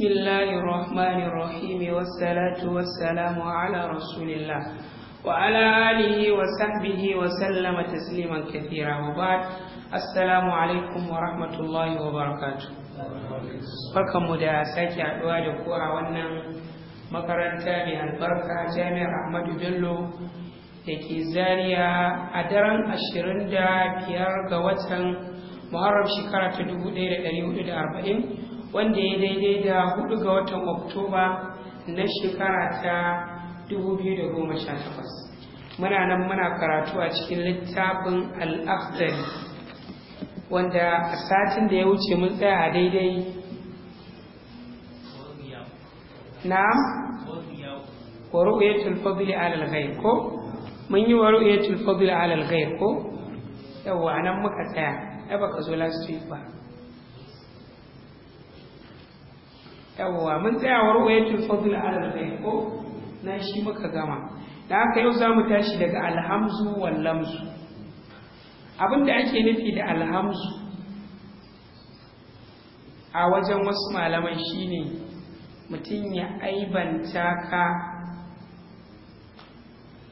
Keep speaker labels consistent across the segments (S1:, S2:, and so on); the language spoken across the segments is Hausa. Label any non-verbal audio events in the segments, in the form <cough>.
S1: بسم الله الرحمن الرحيم والصلاة والسلام على رسول الله وعلى آله barkanmu da sake haɗuwa da ku a wannan makaranta mai albarka jami'ar ahmadu bello da ke a daren 25 ga watan muharram shekara ta 1440 wanda ya daidai da hudu ga watan oktoba na shekara ta 2018 muna nan muna karatu a cikin littafin al'afdari wanda a satin da ya wuce mun tsaya a daidai na waru'ya ru'yatul fadli 'ala ko mun yi waru'ya ru'yatul fadli 'ala al ko yawa nan muka tsaya ya baka zo last week ba yawwa mun tsaya warwayatul fadl ala al ko na shi muka gama da haka yau za mu tashi daga alhamzu wal lamzu abinda ake nufi da alhamzu a wajen wasu malaman shine mutum ya aibanta ka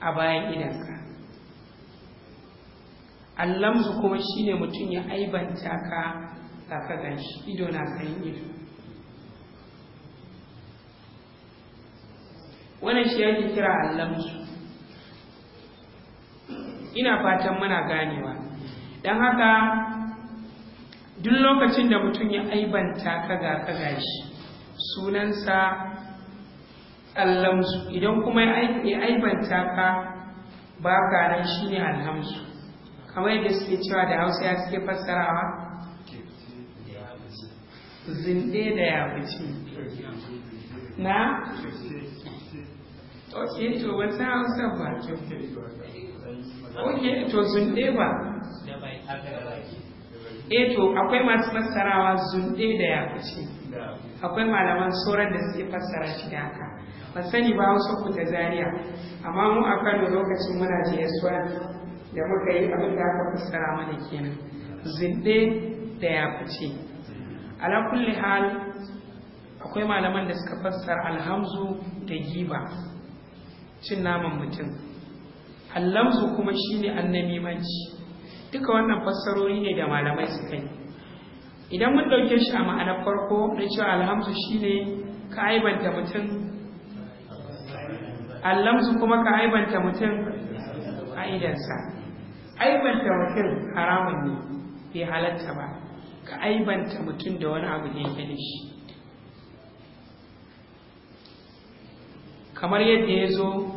S1: a bayan idanka allamzu kuma shine mutum ya aibanta ka ga ka ganshi ido na kan ido wannan shi yake kira allamsu ina fatan muna ganewa don haka duk lokacin da mutum ya aibanta kaga kaga shi sunansa allamsu idan kuma ya aibanta ka ba ka nan shi ne alhamsu kamar yadda suke cewa da hausa ya suke fassarawa zinde da yabuci na?
S2: ok to wata hausa ba ok to zunde ba
S1: e to akwai masu fassarawa zunde da yabuci akwai malaman sauran da suke fassara shi da haka ba sani ba wasu ku ta zariya amma mu a kano lokacin muna da yasuwa da muka yi abin da aka fassara mana kenan zunde da yabuci ala kulli hal akwai malaman da suka fassara alhamzu da giba cin naman mutum allamzu kuma shine annamimanci duka wannan fassarori ne da malamai suka yi idan mun ɗauke shi a ma'anar farko na cewa alhamzu shine ka aibanta mutum allamzu kuma ka aibanta mutum a idansa aibanta mutum haramun ne bai halatta ba ka aibanta mutum da wani abu da yake da shi kamar yadda ya zo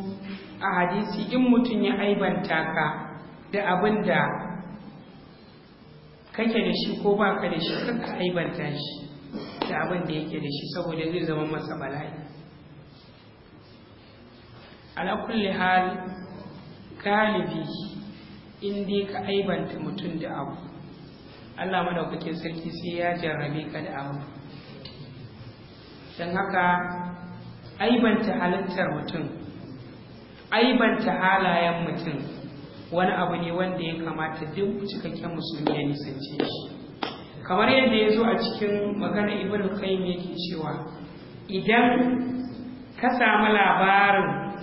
S1: a hadisi in mutum ya aibanta ka da abin da kake da shi ko ba ka da shi ka aibanta shi da abin da yake da shi saboda zai zama masa bala'i ala kulli hal galibi in dai ka aibanta mutum da abu Allah madaukakin sarki sai ya jarrabe ka da abu don haka aibanta halittar mutum aibanta halayen mutum wani abu ne wanda ya kamata duk cikakken musulmi ya nisance shi kamar yadda ya zo a cikin magana ibn qayyim yake cewa idan ka samu labarin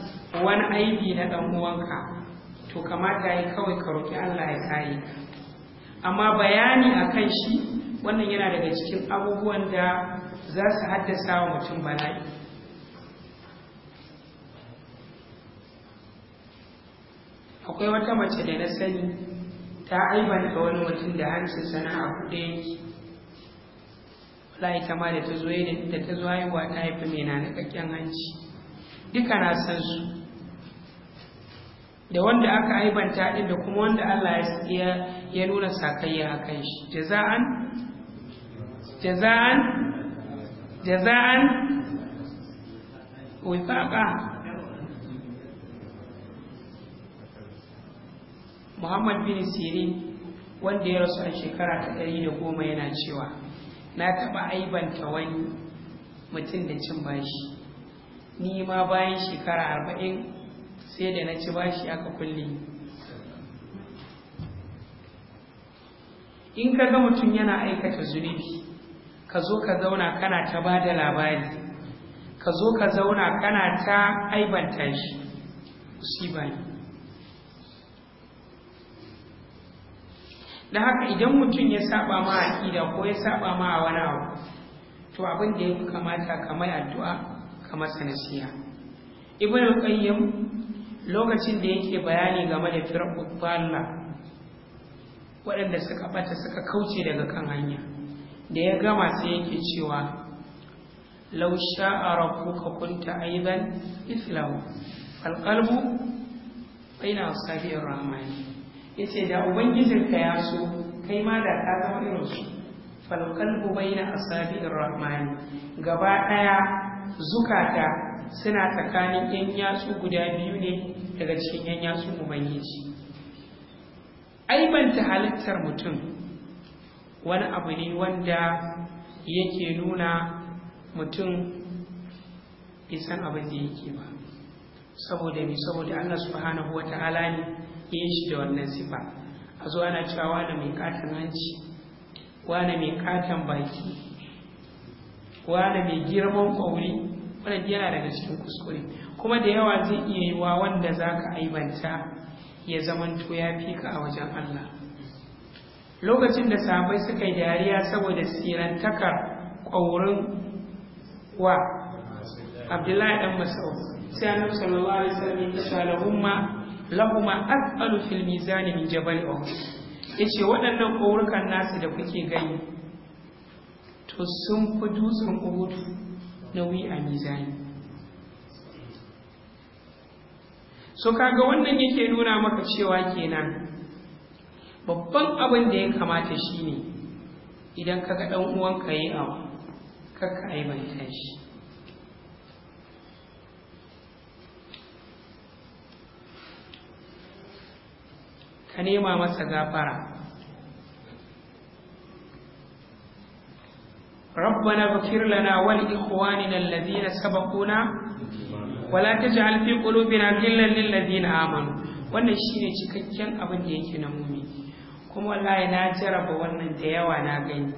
S1: wani aibi na dan uwanka to kamata yi kawai ka roki Allah ya kare ka amma bayani a kan shi wannan yana daga cikin abubuwan da za su haddasa wa mutum bala'i akwai wata mace da na sani ta aibanta wani mutum da hancin sana'a kuɗe yake wala ita ma da ta zo da ta zo haihuwa ta haifi mai na nakakken hanci duka na san su da wanda aka aibanta ɗin da kuma wanda Allah ya ya nuna sakayya a kan shi jaza'an jaza'an jaza'an wifaqa Muhammad bin siri wanda ya rasu a shekara ta ɗari da goma yana cewa na taɓa aibanta wani mutum da cin bashi ni ma bayan shekara arba'in sai da na ci bashi aka kulle in ka ga mutum yana aikata zunubi ka zo ka zauna kana ta ba da labari ka zo ka zauna kana ta aibanta shi musiba ne da haka idan mutum ya saba ma aƙida ko ya saba ma a wani abu to abin da ya fi kamata ka addu'a ka masa ibn qayyim lokacin da yake bayani game da firqul dalla waɗanda suka ɓata suka kauce daga kan hanya da ya gama sai yake cewa a rafu ka kunta islamu mithlahu bai na baina ramani. Ya ce da ubangijinka ya so kai ma da ta zama irin su fal bai na asabi'ir ramani. gaba ɗaya zukata suna tsakanin yan yatsu guda biyu ne daga cikin yan yatsun ubangiji aibanta halittar mutum wani abu ne wanda yake nuna mutum isan abin da yake ba saboda mai saboda allah subhanahu wa ta'ala ne ya shi da wannan sifa a zo ana cewa wane mai katon hanci wane mai katon baki wane mai girman kwauri Wani yana daga cikin kuskure kuma da yawa zai iya yi wa wanda za ka aibanta ya zamanto ya fi ka a wajen Allah lokacin da sahabbai suka yi dariya saboda sirantakar ƙaurin wa abdullahi ɗan Masau, sai nufi sallallahu alaihi wasallam ya ce lahumma lahumma athqalu fil mizan min jabal uhud yace waɗannan ƙaurukan nasu da kuke gani to sun fi dutsen uhud nauyi a mizani so kaga wannan yake nuna maka cewa kenan babban abin da ya kamata shine idan kaga ɗan uwanka yi abu yi aibanta shi
S2: ka nema masa
S1: gafara ربنا اغفر لنا ولإخواننا الذين سبقونا wala taj'al fi qulubina ghillan lil na amanu wannan shi ne cikakken abin da yake na mummi kuma wallahi na jaraba wannan da yawa na gani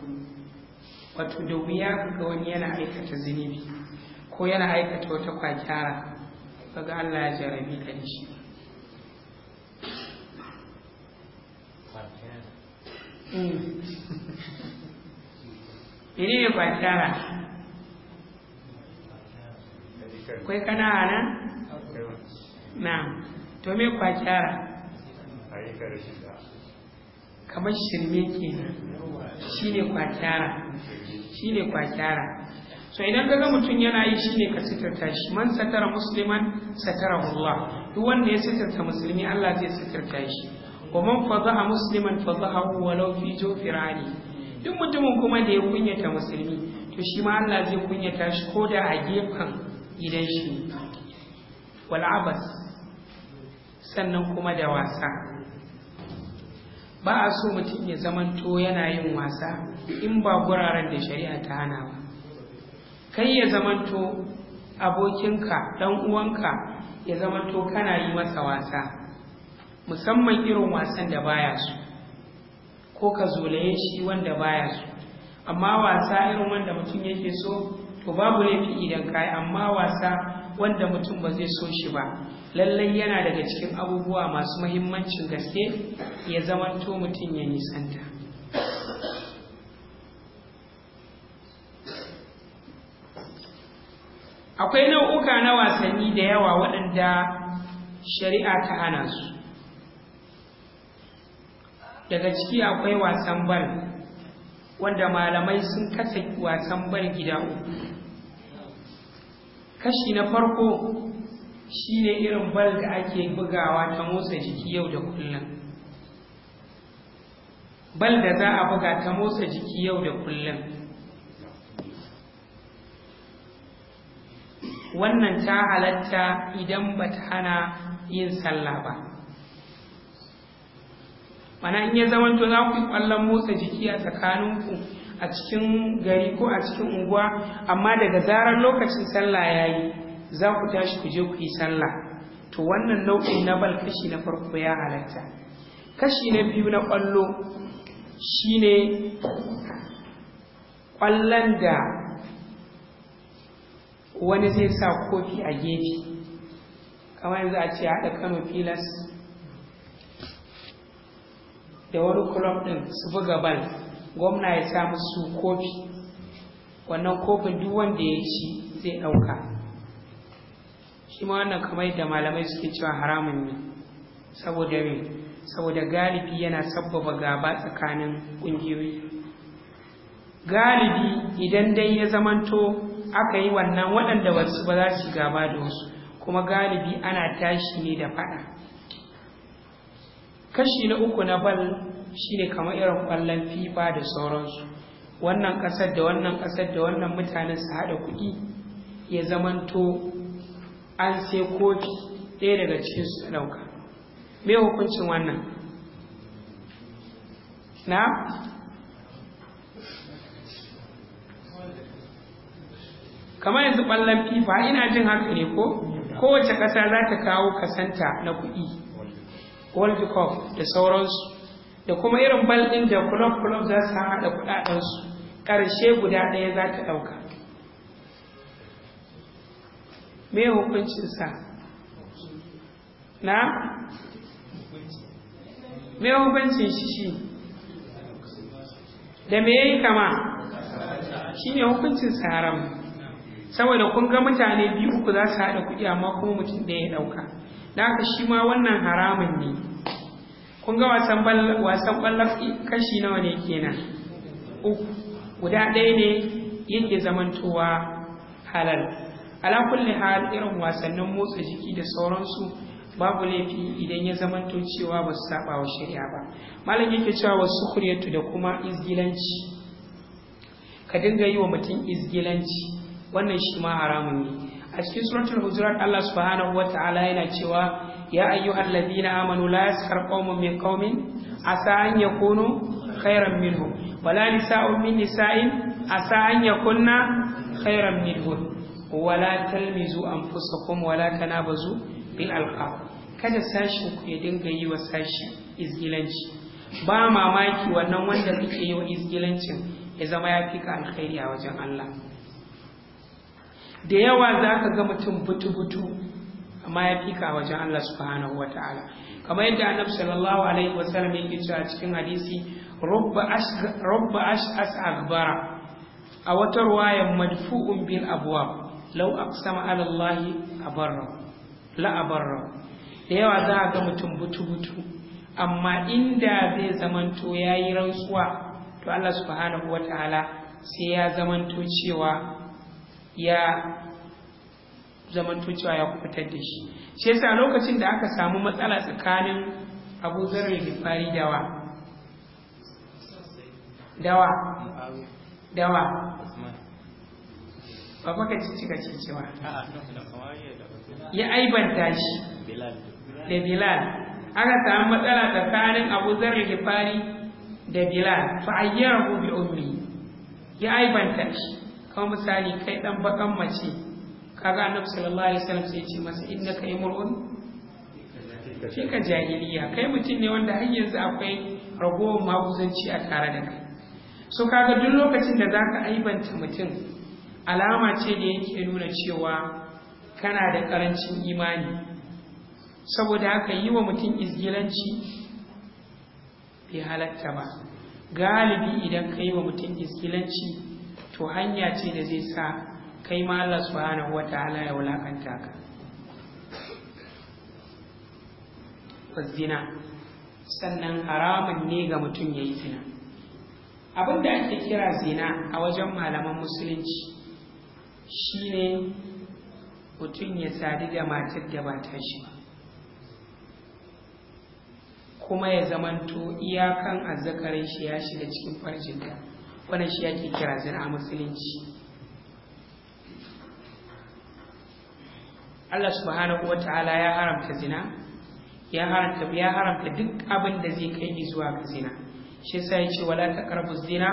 S1: wato da wuya ga wani yana aikata zunubi ko yana aikata wata kwakyara kaga Allah ya jarabi ka da shi ne kwakyara? Hmm. <laughs>
S2: Kwai kana nan
S1: na to me kwa kyara kamar shirme kenan shine kwa kyara shine kwa kyara so idan kaga mutum yana yi shine ka sitarta shi man satara musliman satara Allah duk wanda ya sitarta musulmi Allah zai sitarta shi wa man fadaha musliman wa law fi jawfirani duk mutumin kuma da ya kunyata musulmi to shi ma Allah zai kunyata shi ko da a gefen gidan shi wal'abas sannan kuma da wasa ba a so mutum ya zamanto yana yin wasa in ba guraren da shari'a ta hana ba kai ya zamanto abokinka ɗan uwanka ya zamanto kana yi masa wasa musamman irin wasan da baya su ko ka zolaye shi wanda baya su amma wasa irin wanda mutum yake so to babu laifi idan kayi amma wasa wanda mutum ba zai so shi ba lallai yana daga cikin abubuwa masu mahimmancin gaske ya zamanto mutum ya nisanta akwai nau'uka na wasanni da yawa waɗanda shari'a ta hana su daga ciki akwai wasan bal wanda malamai sun kasa wasan bal gida uku kashi na farko shi ne irin bal da ake bugawa ta motsa jiki yau da kullum bal da za a buga ta motsa jiki yau da kullum wannan ta halatta idan ba ta hana yin sallah ba mana in ya zamanto za ku yi ƙwallon motsa jiki a tsakaninku a cikin gari ko a cikin unguwa amma daga zarar lokacin sallah ya yi za ku tashi ku je ku yi sallah to wannan nau'in na bal kashi na farko ya halatta kashi na biyu na kwallo shine ƙwallon da wani zai sa kofi a gefe kamar yanzu a ce haɗa kano filas da wani kulob ɗin su buga bal gwamna ya sa musu kofi wannan kofin duk wanda ya ci zai ɗauka shi ma wannan kamar da malamai suke cewa haramun ne saboda me saboda galibi yana sabbaba gaba tsakanin ƙungiyoyi galibi idan dai ya zamanto aka yi wannan waɗanda wasu ba za su gaba da wasu kuma galibi ana tashi ne da faɗa kashi na uku na bal shine kamar irin kwallon fifa da sauransu wannan ƙasar da wannan ƙasar da wannan mutanen su haɗa kuɗi ya zamanto an sai kofi ɗaya daga cikin su ɗauka me hukuncin wannan na kamar yanzu ƙwallon fifa ina jin haka ne ko kowace ƙasa za ta kawo kasanta na kuɗi world cup da sauransu da kuma irin bal ɗin da kulob kulob za su haɗa kuɗaɗensu ƙarshe guda ɗaya za ta ɗauka me hukuncinsa na me hukuncin shi shi da me yi kama shi ne hukuncin haram saboda kun ga mutane biyu uku za su haɗa kuɗi amma kuma mutum ɗaya ya ɗauka da haka shi ma wannan haramun ne kun ga wasan ballar kashi nawa ne kenan uku guda ɗaya ne yake zamantowa halal ala kulli hal irin wasannin motsa jiki da sauransu babu laifi idan ya zamanto cewa ba su saba wa shari'a ba malam yake cewa wasu kuryatu da kuma izgilanci ka dinga yi wa mutum izgilanci wannan shi ma haramun ne a cikin suratul hujurat Allah subhanahu wa ta'ala yana cewa ya ayyuhal ladina amanu la yaskhar qaumun min qaumin asa an yakunu khairan minhum wala nisa'un min nisa'in asa an yakunna khairan minhum wala talmizu anfusakum wala tanabazu bil alqab kada sashin ya dinga yiwa wa sashi izgilanci ba mamaki wannan wanda kake yiwa wa ya zama ya fi ka alkhairi a wajen Allah da yawa za ka ga mutum butu-butu amma ya fika wajen Allah subhanahu ta'ala. kamar yadda annabi sallallahu alaihi sallam yake cewa cikin hadisi rubba as akbara a wata ruwayan madfu'un bil abwab law aqsama ala Allah abarra la abarra da yawa za a ga mutum butu butu amma inda zai zamanto yayi rantsuwa to Allah subhanahu ta'ala, sai ya zamanto cewa ya Zaman cewa ya kubutar da shi shi yasa lokacin da aka samu matsala tsakanin abu zarar gifari dawa dawa dawa ba baka cika cewa ya aibanta shi da bilal aka samu matsala tsakanin abu zarar gifari da bilal Fa fa'ayyar bi ummi ya aibanta shi kawai misali kai dan bakan mace kaga annabi sallallahu alaihi wasallam sai ce masa innaka imrun ka jahiliya kai mutum ne wanda har yanzu akwai ragowar maguzanci a tare da kai so kaga duk lokacin da zaka aibanta mutum alama ce da yake nuna cewa kana da karancin imani saboda haka yi wa mutum izgilanci bai halatta ba galibi idan ka yi wa mutum izgilanci to hanya ce da zai sa kai ma Allah subhanahu wa ta'ala ya wulakanta ka zina sannan haramun ne ga mutum ya yi zina abin da ake kira zina a wajen malaman musulunci shine mutum ya sadu da matar da ba shi kuma ya zamanto iyakan azzakarin shi ya shiga cikin farjinta wannan shi ake kira zina a musulunci Allah subhanahu ta'ala ya haramta zina ya haramta ya haramta duk abin da zai kai ni zuwa ga zina shi yasa ya ce wala taqrabu zina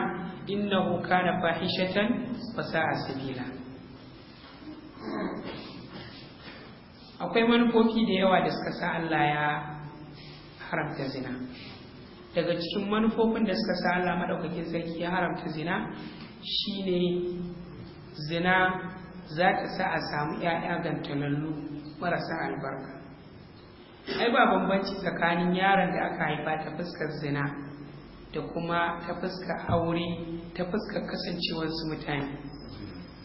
S1: innahu kana fahishatan wa sa'a sabila akwai manufofi da yawa da suka sa Allah ya haramta zina daga cikin manufofin da suka sa Allah madaukakin sarki ya haramta zina shine zina za ta sa a samu 'ya'ya gantalallu marasa albarka ai ba bambanci tsakanin yaron da aka haifa ta fuskar zina da kuma ta fuskar aure ta fuskar kasancewarsu mutane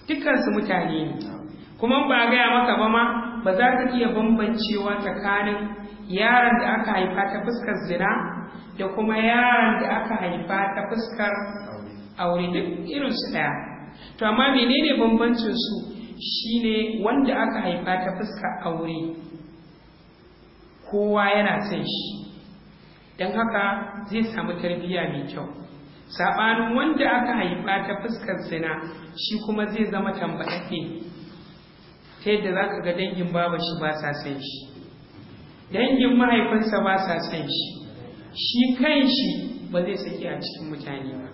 S1: dukansu mutane ne kuma ba gaya maka ba ma ba za ta iya bambancewa tsakanin yaron da aka haifa ta fuskar zina da kuma yaron da aka haifa ta fuskar aure duk irinsu ɗaya to amma menene bambancin su shine wanda aka haifa ta fuska aure kowa yana son shi don haka zai samu tarbiyya mai kyau saɓanin wanda aka haifa ta fuskar zina shi kuma zai zama tambaɗaɗe ta yadda za ka ga dangin baba shi ba sa son shi dangin mahaifinsa ba sa son shi shi kan shi ba zai saki a cikin mutane ba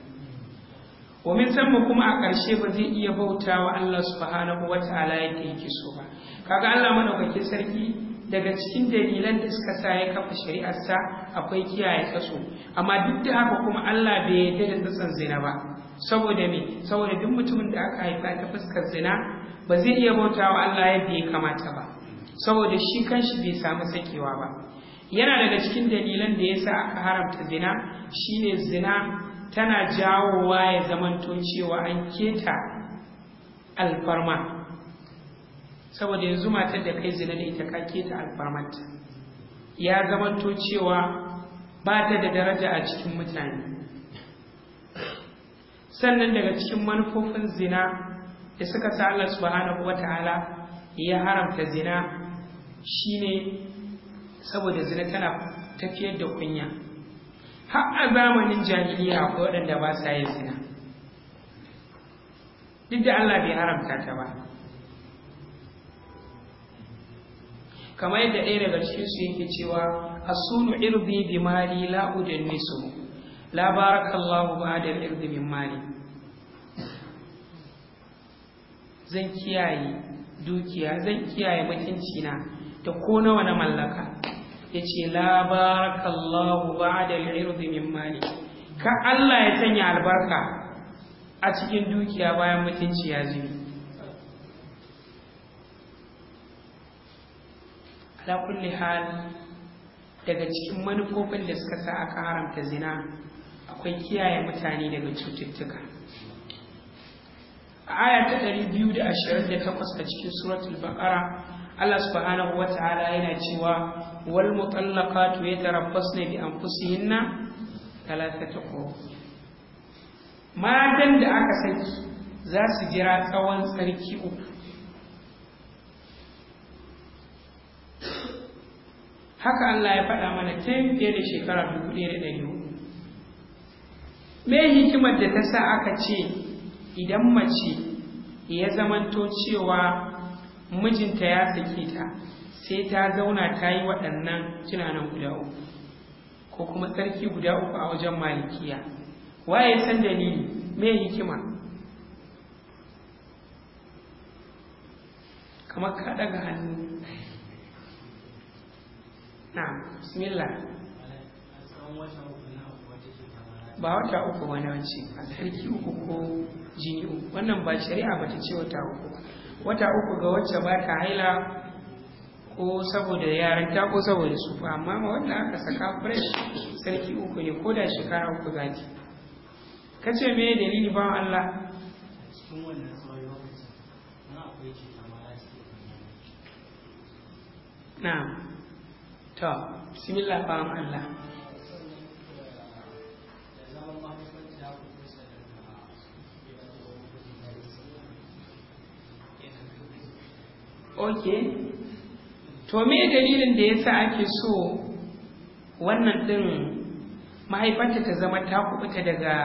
S1: domin sanmu kuma a ƙarshe ba zai iya bauta wa Allah subhanahu wa ta'ala yadda yake so ba kaga Allah madaukakin sarki daga cikin dalilan da suka sa ya kafa sa akwai kiyaye tsatso amma duk da haka kuma Allah bai yarda da tsatson zina ba saboda me saboda duk mutumin da aka haifa ta fuskar zina ba zai iya bauta wa Allah yadda ya kamata ba saboda shi kanshi bai samu sakewa ba yana daga cikin dalilan da yasa aka haramta zina shine zina tana jawowa ya zamanto cewa an keta alfarma saboda yanzu matar da kai zina da ita ka keta alfarmanta ya zamanto cewa ba ta da daraja a cikin mutane sannan daga cikin manufofin zina da suka sa Allah subhanahu wata'ala ya haramta zina shine saboda zina tana tafiyar da kunya har a zamanin jahiliya akwai waɗanda ba sa yin zina duk da Allah bai haramta ta ba kamar yadda ɗaya daga cikin su yake cewa asunu irbi bi mali la nisu la barakallahu ba'da irbi min mali zan kiyaye dukiya zan kiyaye mutuncina da ko nawa na mallaka ya la barakallahu ba da irdi min mali ka Allah ya sanya albarka a cikin dukiya bayan mutunci ya zini alakulli hal daga cikin manufofin da suka sa aka haramta zina akwai kiyaye mutane daga cututtuka a aya ta 228 a cikin suratul baqara Allah subhanahu wa ta'ala yana cewa wal mutallaqatu yatarabbasna bi anfusihinna thalathata qur matan da aka saki za su jira tsawon tsarki uku haka Allah ya faɗa mana tun fiye da shekara dubu ɗaya da ɗari me hikimar da ta sa aka ce idan mace ya zamanto cewa mijinta ya sake ta sai ta zauna ta yi waɗannan tunanin guda uku ko kuma tsarki guda uku a wajen malikiya waye san dalili me hikima
S2: kamar ka ɗaga
S1: hannu na bismillah
S2: ba wata uku wani wance a tsarki uku
S1: ko jini uku wannan ba shari'a ba ta ce wata uku wata uku ga wacce ba ta haila ko saboda yaran ta ko saboda su fa amma ma wannan aka saka fresh sarki uku ne ko da shekara uku zaki
S2: kace ce me dalili ba Allah cikin wannan
S1: lokaci
S2: na akwai ce ta mara
S1: na to bismillah ba Allah Okay. to me dalilin da yasa ake so wannan din mahaifarta ta zama ta kubuta daga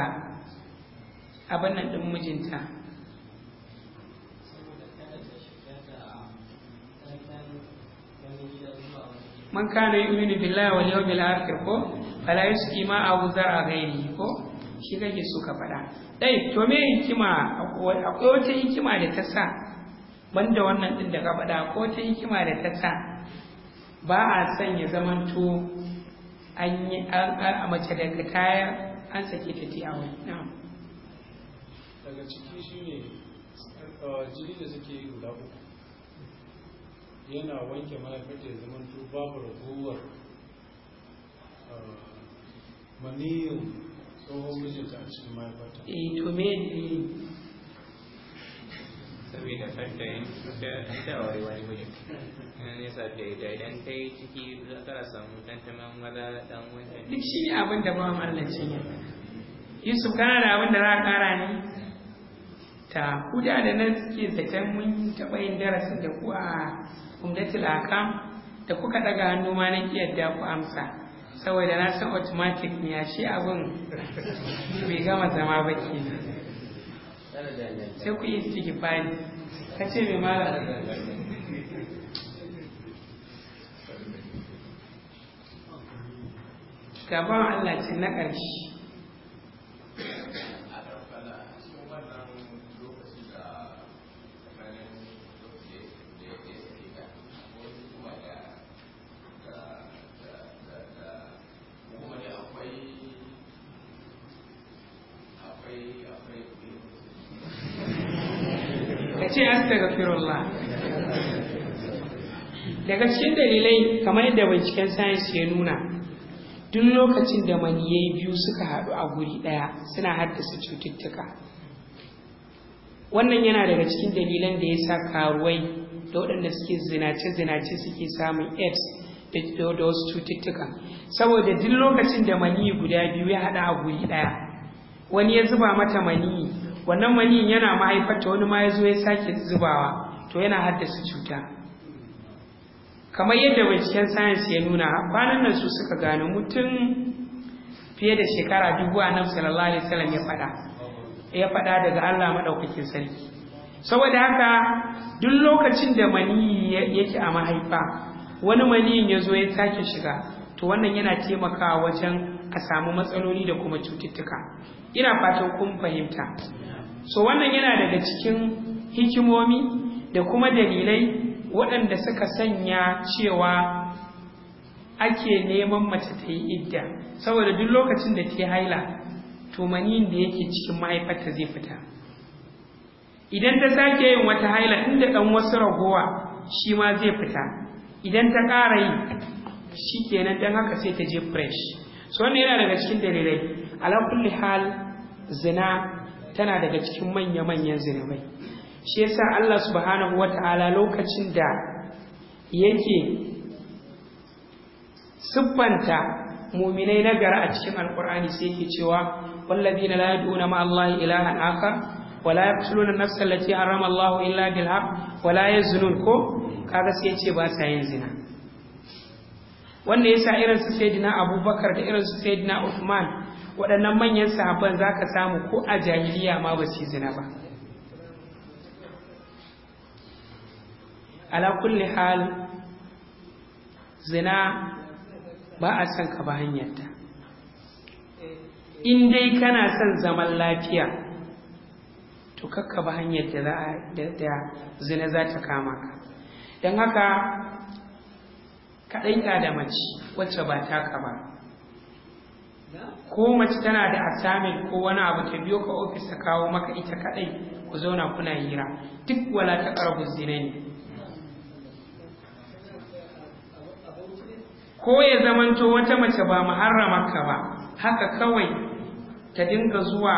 S1: abin nan din mijinta man kana yu'minu billahi wal yawmil akhir ko fala yaski ma abu a gairi ko shi kake so ka faɗa dai to me hikima akwai wata hikima da ta sa banda wannan din da ka faɗa ko ta hikima da ta sa ba a son ya zamanto an yi a mace daga kaya an sake ta ti awon
S2: daga ciki shi ne uh, jini da suke yi guda uku yana wanke mahaifar da zamanto babu raguwar uh, maniyin tsohon mijinta a cikin mahaifar ta. Eh, to me saboda kanta ta wani idan ta yi ciki za ta samu dan ta man maza dan duk shi ne abin da ba Allah ce ya Yusuf kana da abin da za ka kara
S1: ne ta kuda da nan suke zaton mun taɓa yin darasin da ku a umdatul da kuka daga hannu ma na kiyarda ku amsa saboda na san automatic ne ya shi abin bai gama zama ba
S2: kenan sai ku yi fani ka ce mai mara gaban Allah ce na ƙarshe
S1: dalilai kamar yadda binciken sayansi ya nuna duk lokacin da maniyai biyu suka haɗu a guri ɗaya suna haddasa cututtuka wannan yana daga cikin dalilan da ya sa karuwai da waɗanda suke zinace-zinace suke samun aids da wasu cututtuka saboda duk lokacin da maniyi guda biyu ya haɗu a guri ɗaya wani ya zuba mata maniyi wannan maniyin yana mahaifarta wani ma ya zo ya sake zubawa to yana haddasa cuta kamar yadda binciken science ya nuna kwanan nan su suka gano mutum fiye da shekara dubu a nan sallallahu alaihi wasallam ya fada ya fada daga Allah maɗaukakin sarki saboda haka duk lokacin da mani yake a mahaifa wani maniyin ya zo ya sake shiga to wannan yana taimakawa wajen a samu matsaloli da kuma cututtuka ina fatan kun fahimta so wannan yana daga cikin hikimomi da kuma dalilai waɗanda suka sanya cewa ake neman mace ta yi idda saboda duk lokacin da ta haila to da yake cikin mahaifarta zai fita idan ta sake yin wata haila inda ɗan wasu ragowa shi ma zai fita idan ta ƙara yi shi kenan don haka sai ta je fresh so wannan yana daga cikin dalilai ala hal zina tana daga cikin manya-manyan zinubai shi yasa Allah subhanahu wataala lokacin da yake siffanta muminai na gara a cikin alkur'ani sai yake cewa wallazina la yad'una ma Allah ilahan akhar ولا allati harrama التي illa bil haqq wa la yaznun ko kaga sai yace ba sa yin zina wanda yasa irin su sayyidina Abubakar da irin su sayyidina Uthman waɗannan manyan sahabban zaka samu ko a jahiliya ma ba su zina ba ala kulli hal zina ba a son ka ba hanyarta in dai kana son zaman lafiya to kakka ba hanyar da zina za ta kama ka don haka kaɗan da mace wacce ba taka ba ko mace tana da asami ko wani abu ta biyo ka ofis ta kawo maka ita kaɗai ku zauna kuna hira duk wala ta ƙarfi zina ne ko ya zamanto wata mace ba muharramarka ba haka kawai ta dinga zuwa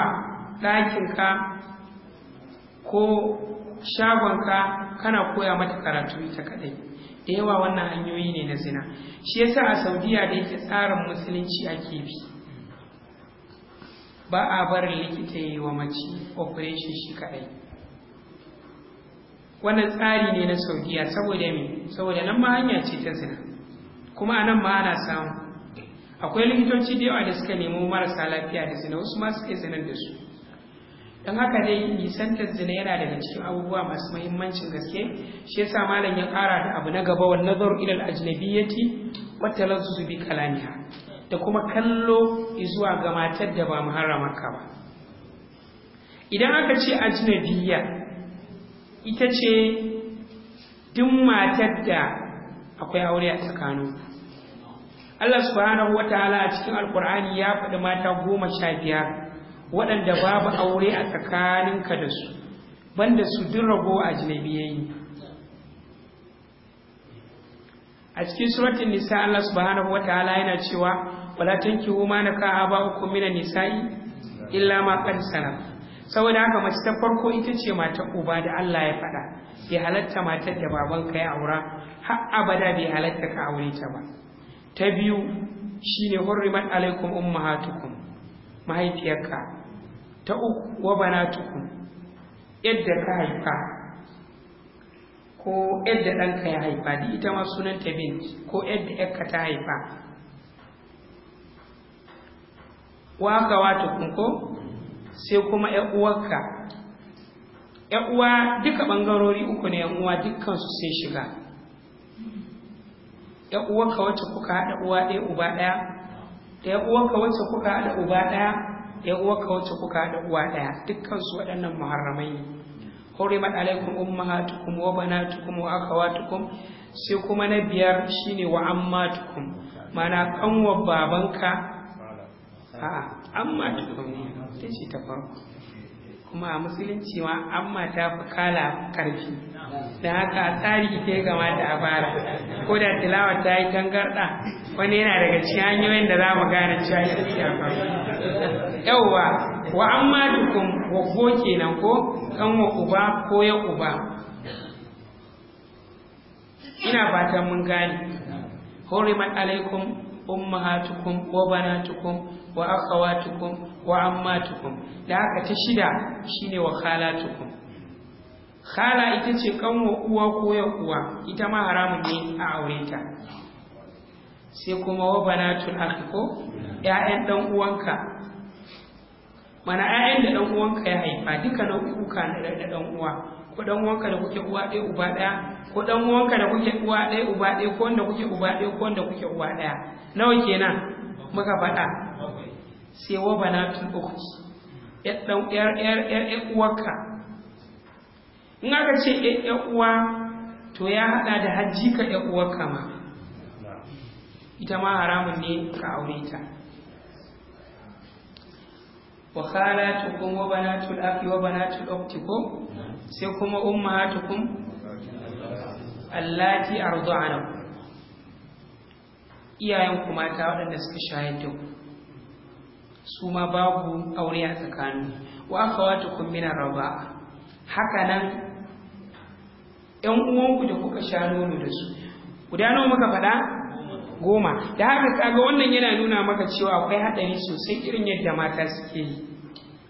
S1: ɗakinka ko shagonka kana koya mata karatu ita kadai da yawa wannan hanyoyi ne na zina shi yasa a saudiya da yake tsarin musulunci ake bi ba a barin likita yi wa mace operation shi kadai wannan tsari ne na saudiya saboda me saboda nan ma hanya ce ta zina kuma a nan ma ana samu akwai likitoci da yawa da suka nemo marasa lafiya da zina wasu ma suka zinar da su don haka dai nisantar zina yana daga cikin abubuwa masu mahimmancin gaske shi yasa malam ya kara da abu na gaba wa nazar ilal ajnabiyyati wa talazzu bi kalamiha da kuma kallo zuwa ga matar da ba muharrama ka ba idan aka ce ajnabiyya ita ce duk matar da akwai aure a tsakanin Allah subhanahu wataala a cikin alkur'ani ya faɗi mata goma sha biyar waɗanda babu aure a tsakaninka da su banda su duk rago a jinabiyayi a cikin suratun nisa Allah subhanahu wataala yana cewa wala na ka ba ku mina nisa'i illa ma kan sana saboda haka mace ta farko ita ce matar uba da Allah ya faɗa ya halatta matar da babanka ya aura har abada bai halatta ka aure ta ba ta biyu shine hurrimat alaikum ummahatukum mahaifiyarka ta uku wa banatukum yadda ka haifa ko yadda ɗanka ya haifa da ita ma sunan ta bin ko yadda yarka ta haifa wa ka wata ko sai kuma ‘yan uwarka ‘yan uwa duka ɓangarori uku ne ‘yan uwa dukkan su sai shiga ya uwanka wacce kuka haɗa uwa ɗaya uba ɗaya da ya uwanka wacce kuka haɗa uba ɗaya da ya uwanka wacce kuka haɗa uwa ɗaya dukkan su waɗannan muharramai ne umma ha tukum, wa bana tukum, wa aka tukum. sai kuma na biyar shi ne wa tukum, mana kanwa babanka a'a tukun ne ta ce ta farko kuma a musulunci ma amma ta fi kala karfi da haka tsari ita ya gama a abara ko da tilawa ta yi tangarɗa wani yana daga cikin hanyoyin da za mu gane cewa ita ce yauwa wa dukun wa kenan ko kan wa uba ko ya uba ina fatan mun gane hurimat alaikum ummahatukum wa banatukum wa akhawatukum wa ammatukum da haka ta shida shine wa khalatukum khala ita ce kanwa uwa ko ya uwa ita ma haramun ne a aure ta sai kuma wa bana akhi ko ya'yan dan uwanka mana ya'yan da dan uwanka ya haifa duka na kuka na da dan uwa ko dan uwanka da kuke uwa ɗaya uba ɗaya ko dan uwanka da kuke uwa ɗaya uba ɗaya ko wanda kuke uba ɗaya ko wanda kuke uwa ɗaya nawa kenan muka faɗa sai wa banatul ukhti ‘Yar ƴar ƴar uwarka in aka ce ƴan uwa to ya haɗa da hajji ka ƴan uwar kama ita ma haramun ne ka aure ta wa khalatukum wa banatul akhi wa banatul ukhtikum sai kuma ummahatukum allati arda'anakum iyayen kuma ta waɗanda suka shayar da ku su ma babu aure a tsakanin wa akhawatukum min arba'a haka nan yan uwanku da kuka sha nono da su guda nawa muka faɗa goma da haka kaga wannan yana nuna maka cewa akwai haɗari sosai irin yadda mata suke yi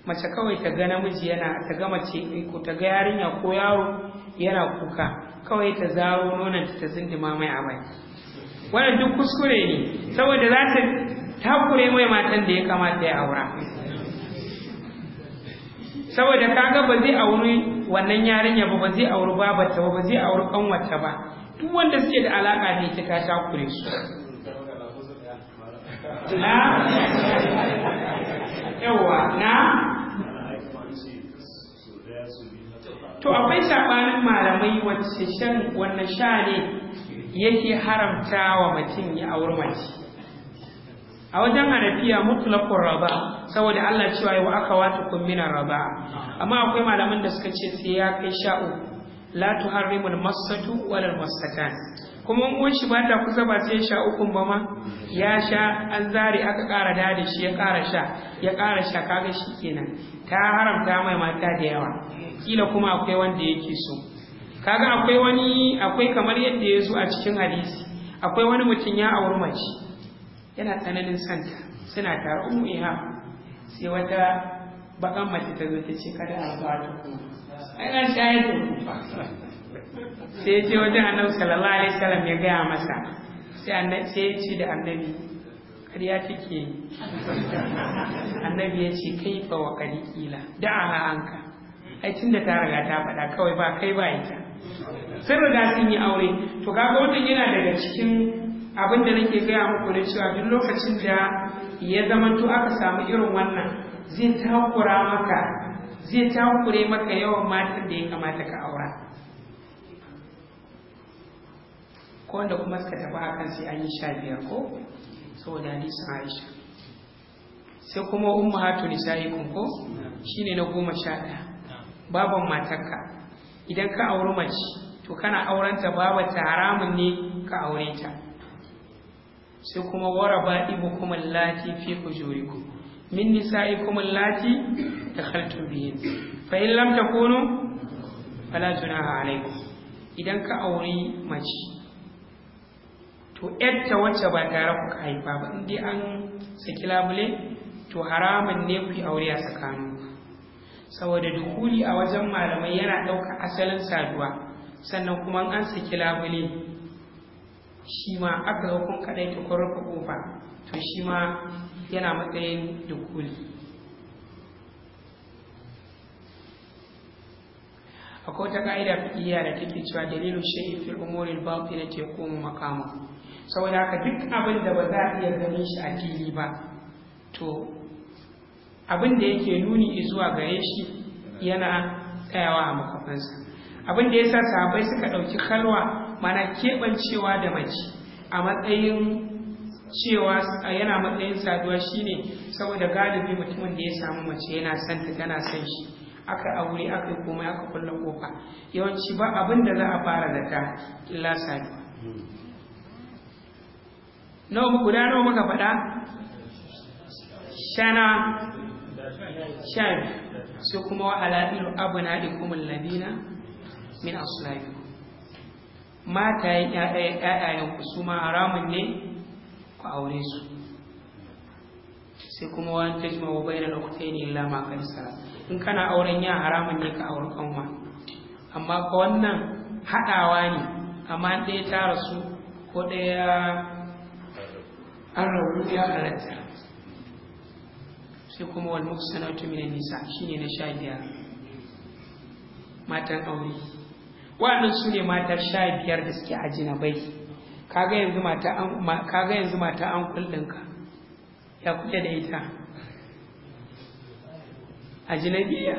S1: mace kawai ta ga namiji yana ta ga mace ko ta ga yarinya ko yaro yana kuka kawai ta zaro nonon ta ta zindi mai a mai. wannan duk kuskure ne saboda za ta takure mai matan da ya kamata ya aura saboda kaga ba zai auri wannan yarinya ba ba zai auri babarta ba ba zai auri kanwata ba duk wanda suke da alaka ne ta ka
S2: su na yawa na to akwai
S1: sabanin malamai wacce shan wannan sha ne yake haramta wa mutum ya auri mace a wajen hanafiya mutlaqur raba saboda Allah cewa wa aka wata min raba amma akwai malamin da suka ce sai ya kai sha'u la tuharrimul masatu wal masatan kuma in uwan shi ba ta kusa ba sai sha uku ba ma ya sha an zare aka ƙara da shi ya ƙara sha ya ƙara sha kaga shi kenan ta haramta mai mata da yawa kila kuma akwai wanda yake so kaga akwai wani akwai kamar yadda ya zo a cikin hadisi akwai wani mutum ya auri mace yana tsananin santa suna tare umu iha sai wata bakan mace ta zo ta ce kada a ba ta ku ai na shayar da
S2: ku sai ya ce wajen annabi sallallahu alaihi wasallam ya gaya masa
S1: sai annabi sai ya ce da annabi ƙarya take yi annabi ya ce kai fa wa kali kila a anka ai tunda ta riga ta faɗa kawai ba kai ba ita sun riga sun yi aure to kaga wannan yana daga cikin abin da nake gaya muku da cewa duk lokacin da ya zamanto aka samu irin wannan zai takura maka zai takure maka yawan matan da ya kamata ka aura ko wanda kuma suka tafi kan sai an yi sha biyar ko saboda sun aisha sai kuma umma hatu kun ko shine na goma sha ɗaya baban matarka idan ka auri mace to kana aurenta babata haramun ne ka aure ta sai kuma waraba ibu kuma lati fi ku. min kuma lati da dakhaltum biyu fa in lam takunu fala junaha alaykum idan ka auri mace to yadda wacce ba tare ka haifa ba in an saki labule to haramun ne ku yi aure a tsakanin saboda dukuli a wajen malamai yana ɗauka asalin saduwa sannan kuma an saki labule shi ma aka ga kun kadai ta kwarrafa ba, to shi ma yana matsayin dukuli akwai wata ka'ida fiye da take cewa dalilu shay'in fil umuri na batina yaqumu maqamu saboda haka duk abin da ba za a iya ganin shi a fili ba to abin da yake nuni zuwa gare shi yana tsayawa a makamansa, abin da ya sa sahabbai suka ɗauki kalwa mana keɓancewa da mace a matsayin cewa yana matsayin saduwa shine saboda galibi mutumin da ya samu mace yana son ta tana son shi aka aure aka yi komai aka kulla kofa yawanci ba abin da za a fara da ta illa saduwa nawa guda nawa muka faɗa shana sha su kuma wa ala'ilu abu na ikumin labina min asulabi matayen ‘ya'yayen ku su ma haramun ne ku aure su sai kuma wani ta jima wabai da lokutai ne lama kan sara in kana auren ya haramun ne ka aure kanwa amma ka wannan haɗawa ne amma ɗaya ta rasu ko ɗaya an rauru ya halatta sai kuma wal mufsanatu minan nisa shi ne na sha biyar matan aure waɗannan su ne mata sha biyar da suke a jinabai kaga yanzu mata an kaga yanzu mata an kullinka ya kuke da ita a jinabiya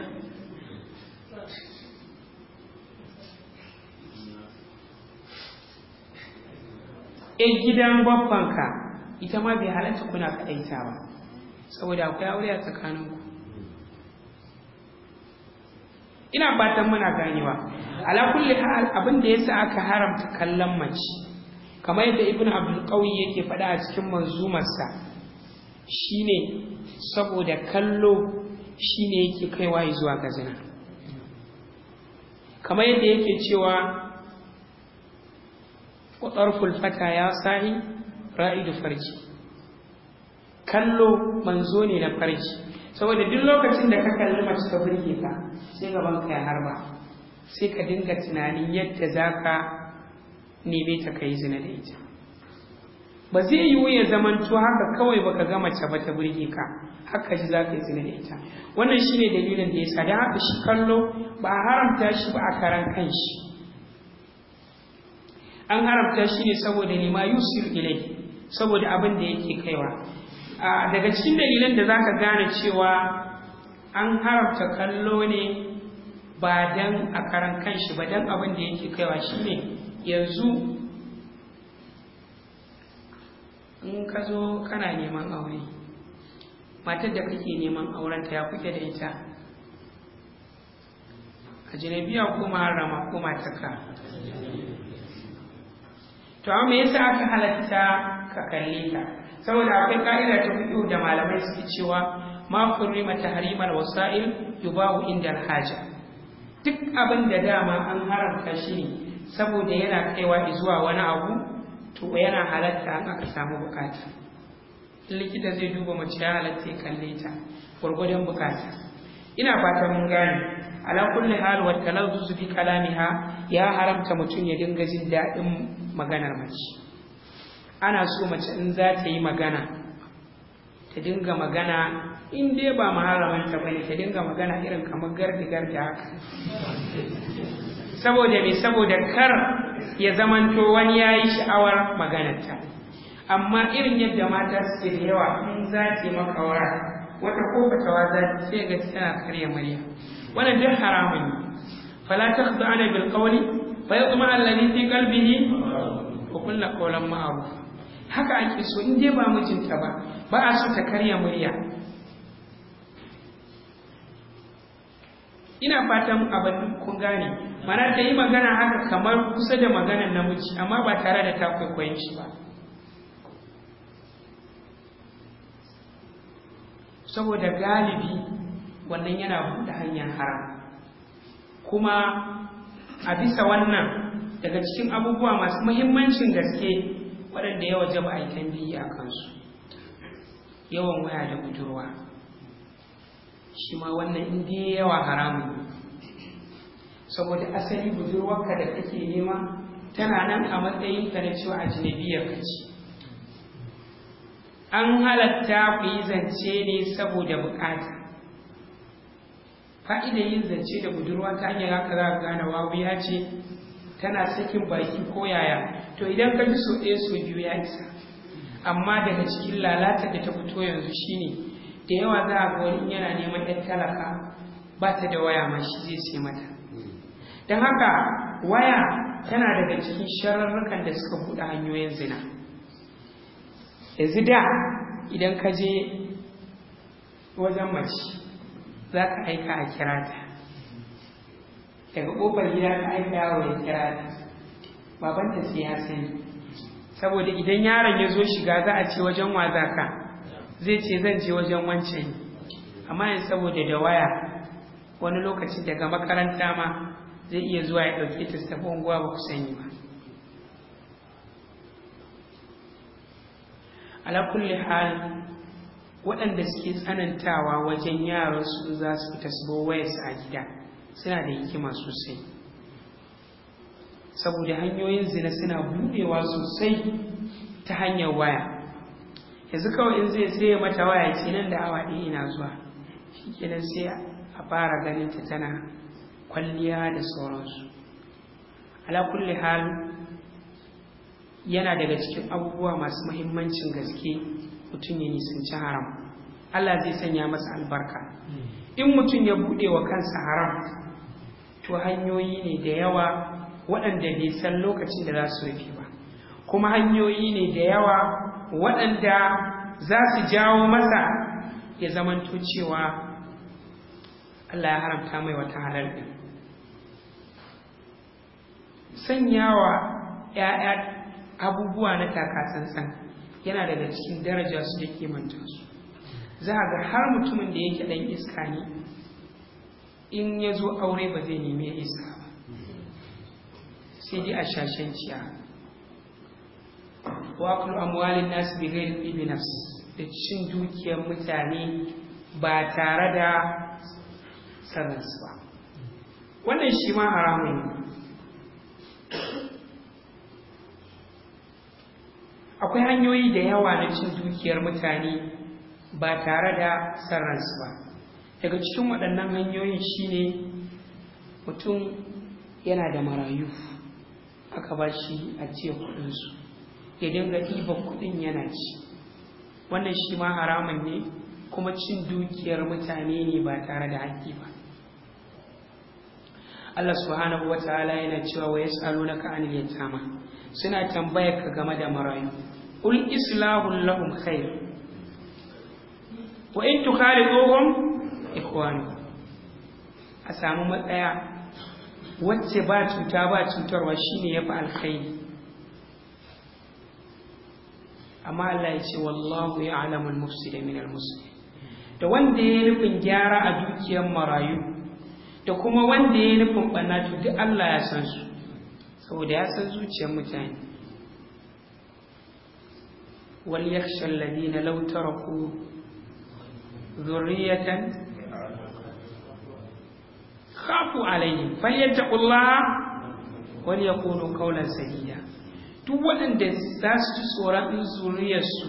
S1: in gidan babbanka ita ma bai halatta kuna kaɗaita ba saboda akwai aure a tsakaninku ina batan muna ganewa ala kulli hal abin da yasa aka haramta kallon mace kamar yadda ibnu abdul qawi yake faɗa a cikin manzumarsa shine saboda kallo shine yake kaiwa zuwa ga kamar yadda yake cewa ƙwaɗarful fata ya sahi ra'idu farji kallo manzo ne na farji saboda duk lokacin da ka kalli mace ta burge ka sai gaban ka ya harba sai ka dinga tunanin yadda za ka neme ta ka yi zina da ita ba zai yiwu ya zamanto haka kawai baka ga mace ba ta burge ka haka ji za ka yi zina da ita wannan shine dalilin da ya sa don haka shi kallo ba a haramta shi ba a karan shi. an haramta shi ne saboda nema yusuf ilai saboda abin da yake kaiwa daga cikin dalilan da zaka gane cewa an haramta kallo ne ba dan a karan kanshi ba dan abin da yake kaiwa shine yanzu in ka zo kana neman aure matar da kake neman aurenta ya kuke da ita a janabiya kuma rama ko mataka to amma me yasa aka halatta ka kalle ta saboda akwai ka'ida ta hudu da malamai suke cewa ma hurrima Harimar wasa'il yubahu inda haja duk abin da dama an haramta shi ne saboda yana kaiwa zuwa wani abu to yana halatta an aka samu bukata likita zai duba mace ya halatta ya kalle ta gwargwadon bukata ina fatan mun gane ala kulli hal wa talazzu fi kalamiha ya haramta mutum ya dinga jin daɗin maganar mace ana so mace in za ta yi magana ta dinga magana in dai ba maharamanta bane ta dinga magana irin kamar gardi-gardi haka saboda me saboda kar ya zamanto wani ya yi sha'awar maganarta amma irin yadda mata su ke da yawa in za ta yi makawar wata ko za ta ce ga tana karya murya wannan duk haramun ne fala takhda'ana bil qawli fa yatma alladhi fi qalbihi ko qulna kolon ma'abu haka ake so in dai ba mijinta ba ba a so ta karya murya ina fatan abin kun gane mana ta yi magana haka kamar kusa da maganan namiji amma ba tare da ta shi ba saboda galibi wannan yana buɗe hanyar haram kuma a bisa wannan daga cikin abubuwa masu muhimmancin gaske waɗanda ya waje ba a yi tambiyi a kansu yawan waya da budurwa shi ma wannan inda yawa haramun saboda asali budurwarka da kake nema tana nan a matsayin ka na cewa ajinabiyar ka ce an halatta ku yi zance ne saboda bukata fa'ida yin zance da budurwa ta hanyar haka za ka gane wawiya ce tana sakin baki ko yaya to idan ka ji so ɗaya so biyu ya isa amma daga cikin lalata da ta fito yanzu shine da yawa za a ga yana neman yan talaka ba ta da waya ma shi zai sai mata don haka waya tana daga cikin shararrukan da suka buɗe hanyoyin zina yanzu da idan ka je wajen mace za ka aika a kira daga ƙofar gida ka aika yawo ya kira Baban da sai ya sani saboda idan yaron ya zo shiga za a ce wajen wazaka zai ce zan je wajen wancan amma yanzu saboda da waya wani lokaci daga makaranta ma zai iya zuwa ya ɗauki ta su unguwa ba ku sani ba ala kulli hal waɗanda suke tsanantawa wajen yaran su za su fita wayarsu a gida suna da hikima sosai saboda hanyoyin zina suna buɗewa sosai ta hanyar waya yanzu kawai in zai sai mata waya ce nan da awa ɗaya ina zuwa shi kenan sai a fara ganin ta tana kwalliya da sauransu ala kulli hal yana daga cikin abubuwa masu muhimmancin gaske mutum ya nisanci haram Allah zai sanya masa albarka hmm. in mutum ya buɗe wa kansa haram to hanyoyi ne da yawa waɗanda bai san lokacin da za su rufe ba kuma hanyoyi ne da yawa waɗanda za su jawo masa ya zamanto cewa Allah ya haramta mai wata halar ɗin sanyawa ‘ya'ya abubuwa na takatsantsan yana daga cikin daraja su da kimanta su za a ga har mutumin da yake ɗan iska ne in ya zo aure ba zai nemi iska sai dai a shashanciya wa aklu amwalin nas bi ghairi ibnas da cin dukiyar mutane ba tare da sanin ba wannan shi ma haramun ne akwai hanyoyi da yawa na cin dukiyar mutane ba tare da sarransu ba daga cikin waɗannan hanyoyin shine mutum yana da marayu aka ba shi ajiye kuɗinsu ya dinga ɗiban kuɗin yana ci wannan shi ma haramun ne kuma cin dukiyar mutane ne ba tare da haƙƙi ba Allah subhanahu wataala yana cewa wa tsaro yas'alunaka anil yatama suna tambaya ka game da marayu qul islahul lahum khair wa in tukhaliquhum ikhwanu a samu matsaya wacce ba cuta ba cutarwa shine yafi alkhairi amma Allah ya ce wallahu ya'lamu al-mufsida da al-muslih da wanda ya nufin gyara a dukiyar marayu da kuma wanda ya nufin banna to duk Allah ya san su saboda ya san zuciyar mutane wal yakhsha alladhina law taraku dhurriyatan khafu alaihim falyattaqullah wal yaqulu qawlan sadida duk waɗanda za su ci tsoron in zuriyarsu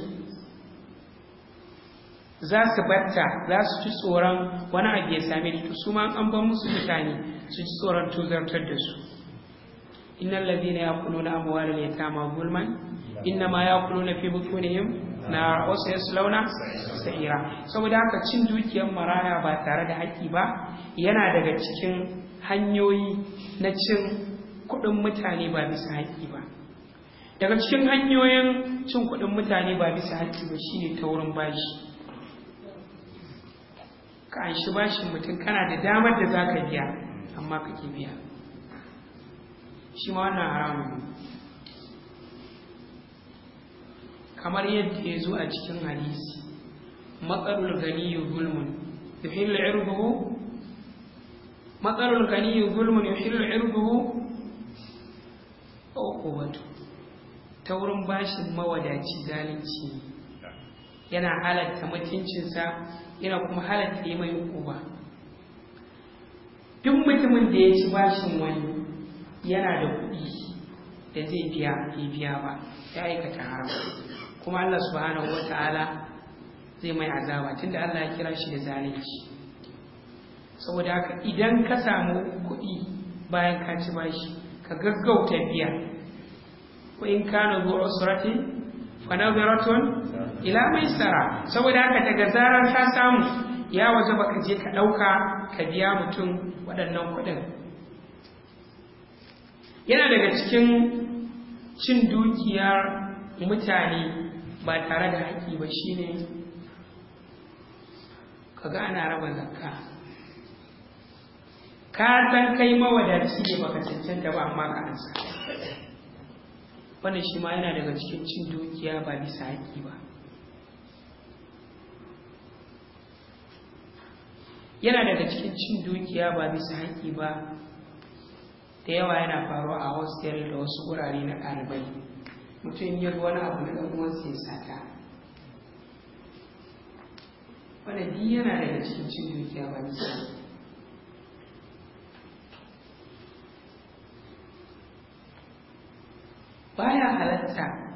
S1: za su batta za su ci tsoron wani abu ya same su su ma an ban musu mutane su ci tsoron tuzartar da su innal ladina yaquluna amwalal yatama zulman ma yaquluna fi butunihim na wasu yasu launa sa'ira saboda haka cin dukiyar maraya ba tare da haƙƙi ba yana daga cikin hanyoyi na cin kuɗin mutane ba bisa haƙƙi ba daga cikin hanyoyin cin kuɗin mutane ba bisa haƙƙi ba shine ta wurin bashi
S2: ka an shi bashin mutum kana da damar da za ka biya
S1: amma kake biya shi ma wannan haramun ne kamar yadda ya zo a cikin hadisi matsalul yi gulmun yuhillu irbuhu matsalul yi gulmun yuhillu irbuhu uqubatu ta wurin bashin mawadaci zalunci yana halatta mutuncinsa yana kuma halatta yi mai uquba duk mutumin da ya ci bashin wani yana da kuɗi da zai biya ba ya aikata haram kuma Allah subhanahu wata'ala zai mai azaba tunda Allah ya kira shi da zalunci saboda haka idan ka samu kuɗi bayan ka ci bashi ka gaggauta biya ko in kana zuwa usrati fa nazaratun ila maisara saboda haka daga zarar ka samu ya waje ba ka je ka ɗauka ka biya mutum waɗannan kuɗin yana daga cikin cin dukiyar mutane ba tare da haƙƙi ba shi ne, kaga ana raba zakka ka san kai mawadaci ne baka cancanta ba amma ka ansa wannan shi ma yana daga cikin cin dukiya ba bisa haƙƙi ba yana daga cikin cin dukiya ba bisa haƙƙi ba da yawa yana faruwa a hostel da wasu wurare na ɗalibai mutum ya wani abu na ɗan uwansa ya sata wanda bi yana daga cikin cin dukiya ba nisa baya halatta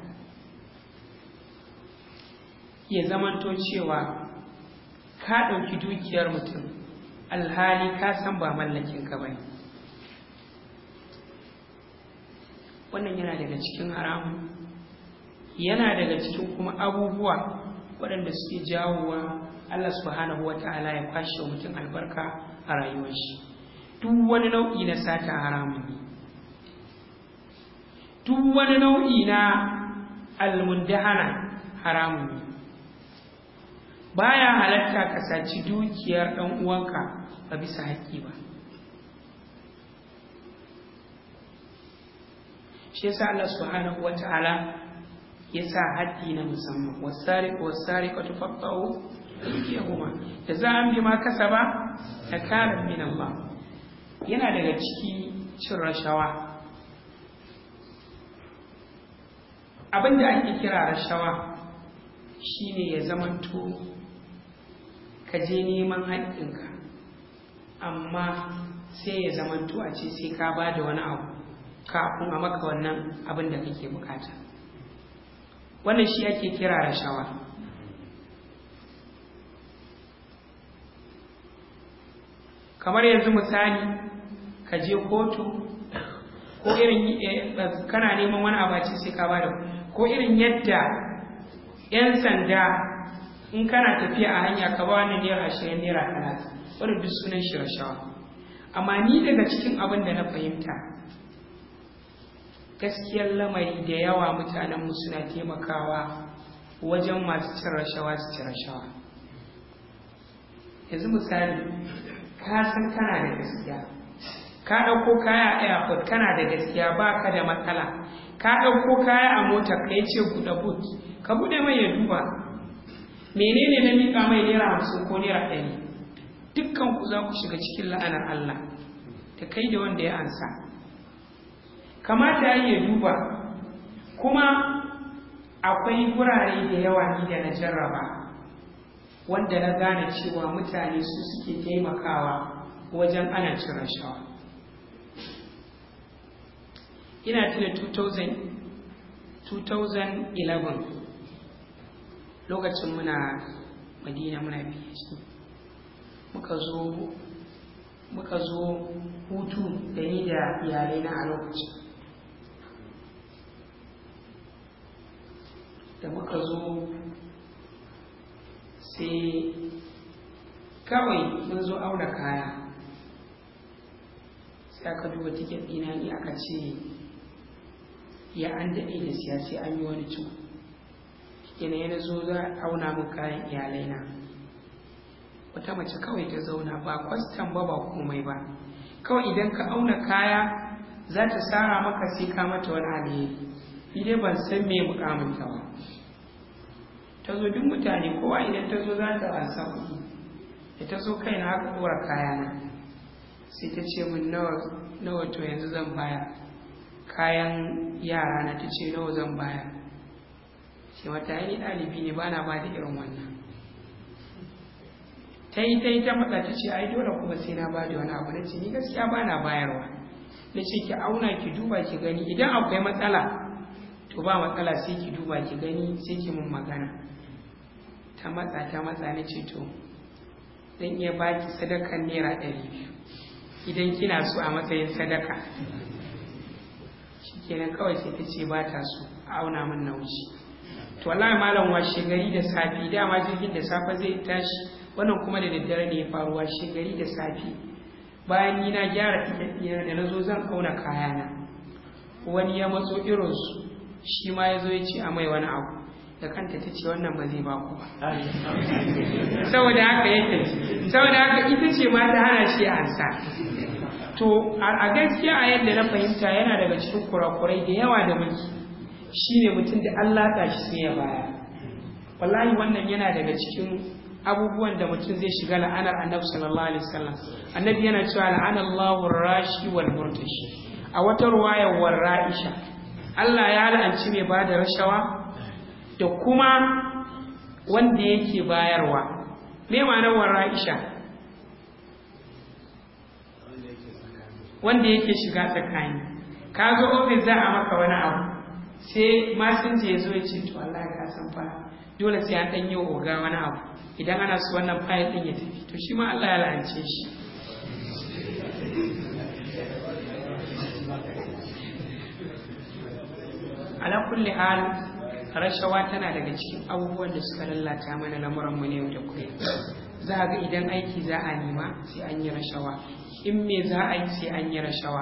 S1: ya zamanto cewa ka ɗauki dukiyar mutum alhali ka san ba ka ba ne wannan yana daga cikin haramun yana daga cikin kuma abubuwa waɗanda suke jawowa Allah subhanahu wa ta'ala ya kwashe mutum albarka a rayuwar shi duk wani nau'i na sata haramun ne duk wani nau'i na almundahana haramun ne baya halatta ka saci dukiyar ɗan uwanka ba bisa haƙƙi ba shi yasa Allah subhanahu wa ta'ala Yasa sa haddi na musamman wasari ko wasari ko tufaffa'u ya kuma da za an bi ma kasa ba ta karar min Allah yana daga ciki cin rashawa abin da ake kira rashawa shine ya zamanto ka je neman haƙƙinka amma sai ya zamanto a ce sai ka ba da wani abu kafin a maka wannan abin da kake bukata wannan shi ake kira rashawa kamar yanzu misali ka je kotu ko irin eh, kana neman wani abaci sai ka bada ko irin yadda 'yan sanda in kana tafiya a hanya ka ba wani naira ashirin naira talatin wani duk sunan shi rashawa amma ni daga cikin abin da na fahimta gaskiyar lamari da yawa mutanenmu suna taimakawa wajen masu cin rashawa su cin rashawa yanzu misali ka san kana da gaskiya ka ɗauko kaya a airport kana da gaskiya ba ka da matsala ka ɗauko kaya a mota ka ce buɗe but ka buɗe mai ya duba menene na miƙa mai naira hamsin ko naira ɗari dukkan ku za ku shiga cikin la'anar allah da kai da wanda ya ansa kamata ya yi duba kuma akwai gurare da yawa ne da na jarraba wanda na gane cewa mutane su suke taimakawa wajen ana cire shawa. ina tuna 2011 lokacin muna madina muna phd muka zo muka zo hutu da ni da iyalai na a lokacin da muka zo sai kawai mun zo auna kaya sai aka duba tiket ɗina ne aka ce ya an daɗe da siya sai an yi wani cin yana yana zo za a auna mu kayan iyalai na wata mace kawai ta zauna ba kwastan ba ba komai ba kawai idan ka auna kaya za ta sara maka sai ka mata wani alheri ni dai ban san me mukamin ta ba ta zo duk mutane kowa idan ta zo za ta wasa kuɗi da ta zo kaina haka ɗora kayana sai ta ce min nawa to yanzu zan baya kayan yara na ta ce nawa zan baya ce wata yi ɗalibi ne ba na ba da irin wannan ta yi ta yi ta matsa ta ce ai dole kuma sai na ba da wani abu na ce ni gaskiya ba na bayarwa na ce ki auna ki duba ki gani idan akwai matsala to ba matsala sai ki duba ki gani sai ki mun magana ta matsa ta matsa na ce to zan iya baki sadakan naira ɗari biyu idan kina so a matsayin sadaka shikenan kawai sai ta ce ba ta so a auna min na wuce to wallahi malam washe gari da safi dama jirgin da safe zai tashi wannan kuma da daddare ne ya faru washe gari da safi bayan ni na gyara tiket da na zo zan auna kayana wani ya matso irinsu shi ma ya zo ya ce a mai wani abu da kanta ta ce wannan ba zai ba ku ba <laughs> saboda haka ya saboda haka ita ce ma ta hana shi a ansa to a gaskiya a yadda na fahimta yana daga cikin kurakurai da yawa da mulki shine mutum da Allah ta shi sai ya baya wallahi wannan yana daga cikin abubuwan da mutum zai shiga la'anar annabi sallallahu alaihi wasallam annabi yana cewa la'anallahu rashi wal murtashi a wata ruwaya war ra'isha Allah ya la'anci mai ba da rashawa da kuma wanda yake bayarwa me ma'anar wa ra'isha wanda yake shiga tsakani ka zo ofis za a maka wani abu sai masinta ya zo ya ce to Allah ya san fa dole sai an ɗan yi oga wani abu idan ana su wannan fayil ɗin ya tafi to shi ma Allah ya la'ance shi ala kulli hal rashawa tana daga cikin abubuwan da suka lalata mana lamuran mu ne da kullum za ga idan aiki za a nema sai an yi rashawa in me za a yi sai an yi rashawa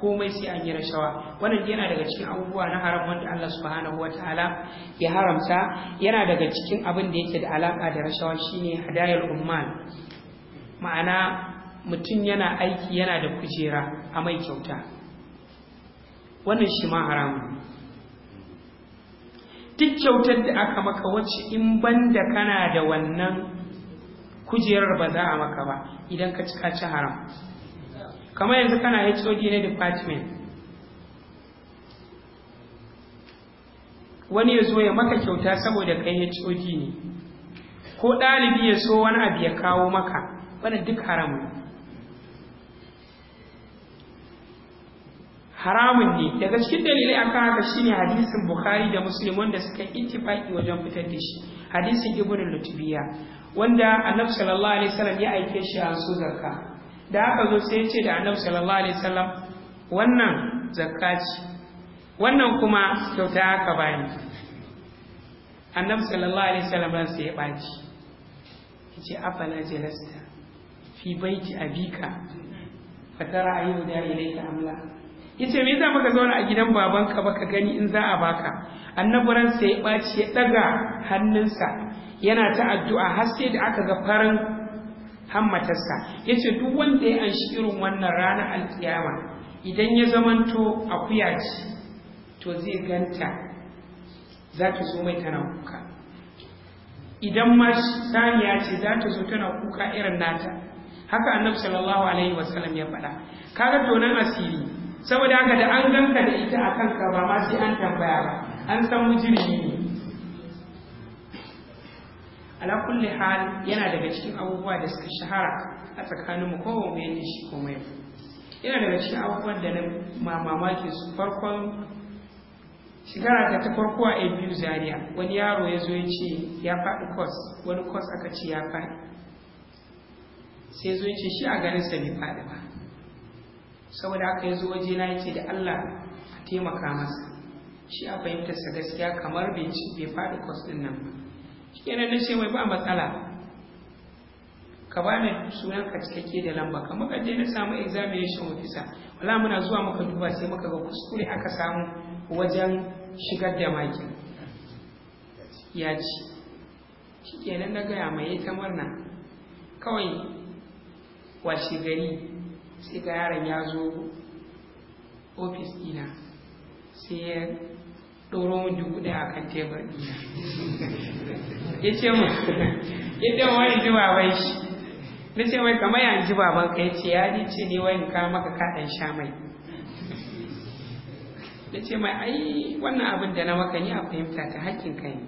S1: komai sai an yi rashawa wannan yana daga cikin abubuwa na haram wanda Allah subhanahu wataala ya haramta yana daga cikin abin da yake da alaka da rashawa shine hadayar ummal ma'ana mutum yana aiki yana da kujera a mai kyauta wannan shi ma haramun duk kyautar da aka maka wacce in banda kana da wannan kujerar ba za a maka ba idan ka ci ci haram kamar yanzu kana hod na department wani ya zo ya maka kyauta saboda kai hod ne ko ɗalibi ya so wani abu ya kawo maka wani duk haram ne haramun ne daga cikin dalilai aka haka shine hadisin bukhari da muslim wanda suka ittifaki wajen fitar da shi hadisin ibnu lutbiya wanda annabi sallallahu alaihi wasallam ya aike shi a su zakka da aka zo sai ya ce da annabi sallallahu alaihi wasallam wannan zakka ce wannan kuma kyauta aka bani
S2: annabi sallallahu alaihi wasallam
S1: sai ya baci yace afala jalasta fi baiti abika fatara ayu da ilaika amla yace me yasa baka zauna a gidan babanka ba ka gani in za a baka annabi ran sai ya ɓaci ya daga hannunsa yana ta addu'a har sai da aka ga farin hammatarsa yace duk wanda ya anshi irin wannan ranar alkiyama idan ya zamanto akuya ce to zai ganta za ta zo mai tana kuka idan ma saniya ce za ta zo tana kuka irin nata haka annabi sallallahu alaihi wasallam ya faɗa kaga tonon asiri saboda haka da an ganka da ita a kanka ba ma sai an tambaya ba an san mujirmi ne ala kulli hal yana daga cikin abubuwa da suka shahara a tsakanin mu kowa mai yin shi ko mai yana daga cikin abubuwan da na mamaki su farkon shigara ta ta farko a biyu zaria wani yaro ya zo ya ce ya faɗi kos wani kos aka ce ya faɗi sai zo ya ce shi a ganin sa bai faɗi ba saboda aka yi zo waje ya ce da Allah a taimaka masa shi a fahimtarsa gaskiya kamar bai bai faɗi kwas ɗin nan ba shikenan na ce mai ba matsala ka bani sunan ka cikakke da lamba kamar ka na samu examination officer wala muna zuwa muka duba sai muka ga kuskure aka samu wajen shigar da makin ya ci shikenan na gaya mai ta murna kawai washe gari sai ga yaron ya zo ofis dina sai ya ɗoro min duk ɗaya a kan tebur ɗina ya ce mu ya ce mu wani ji baban shi na ce mai kamar yan ji baban ka ya ce ya ni ce ne wani ka maka kaɗan sha mai Na ce mai ai wannan abin da na maka ni a fahimta ta hakkin ka ne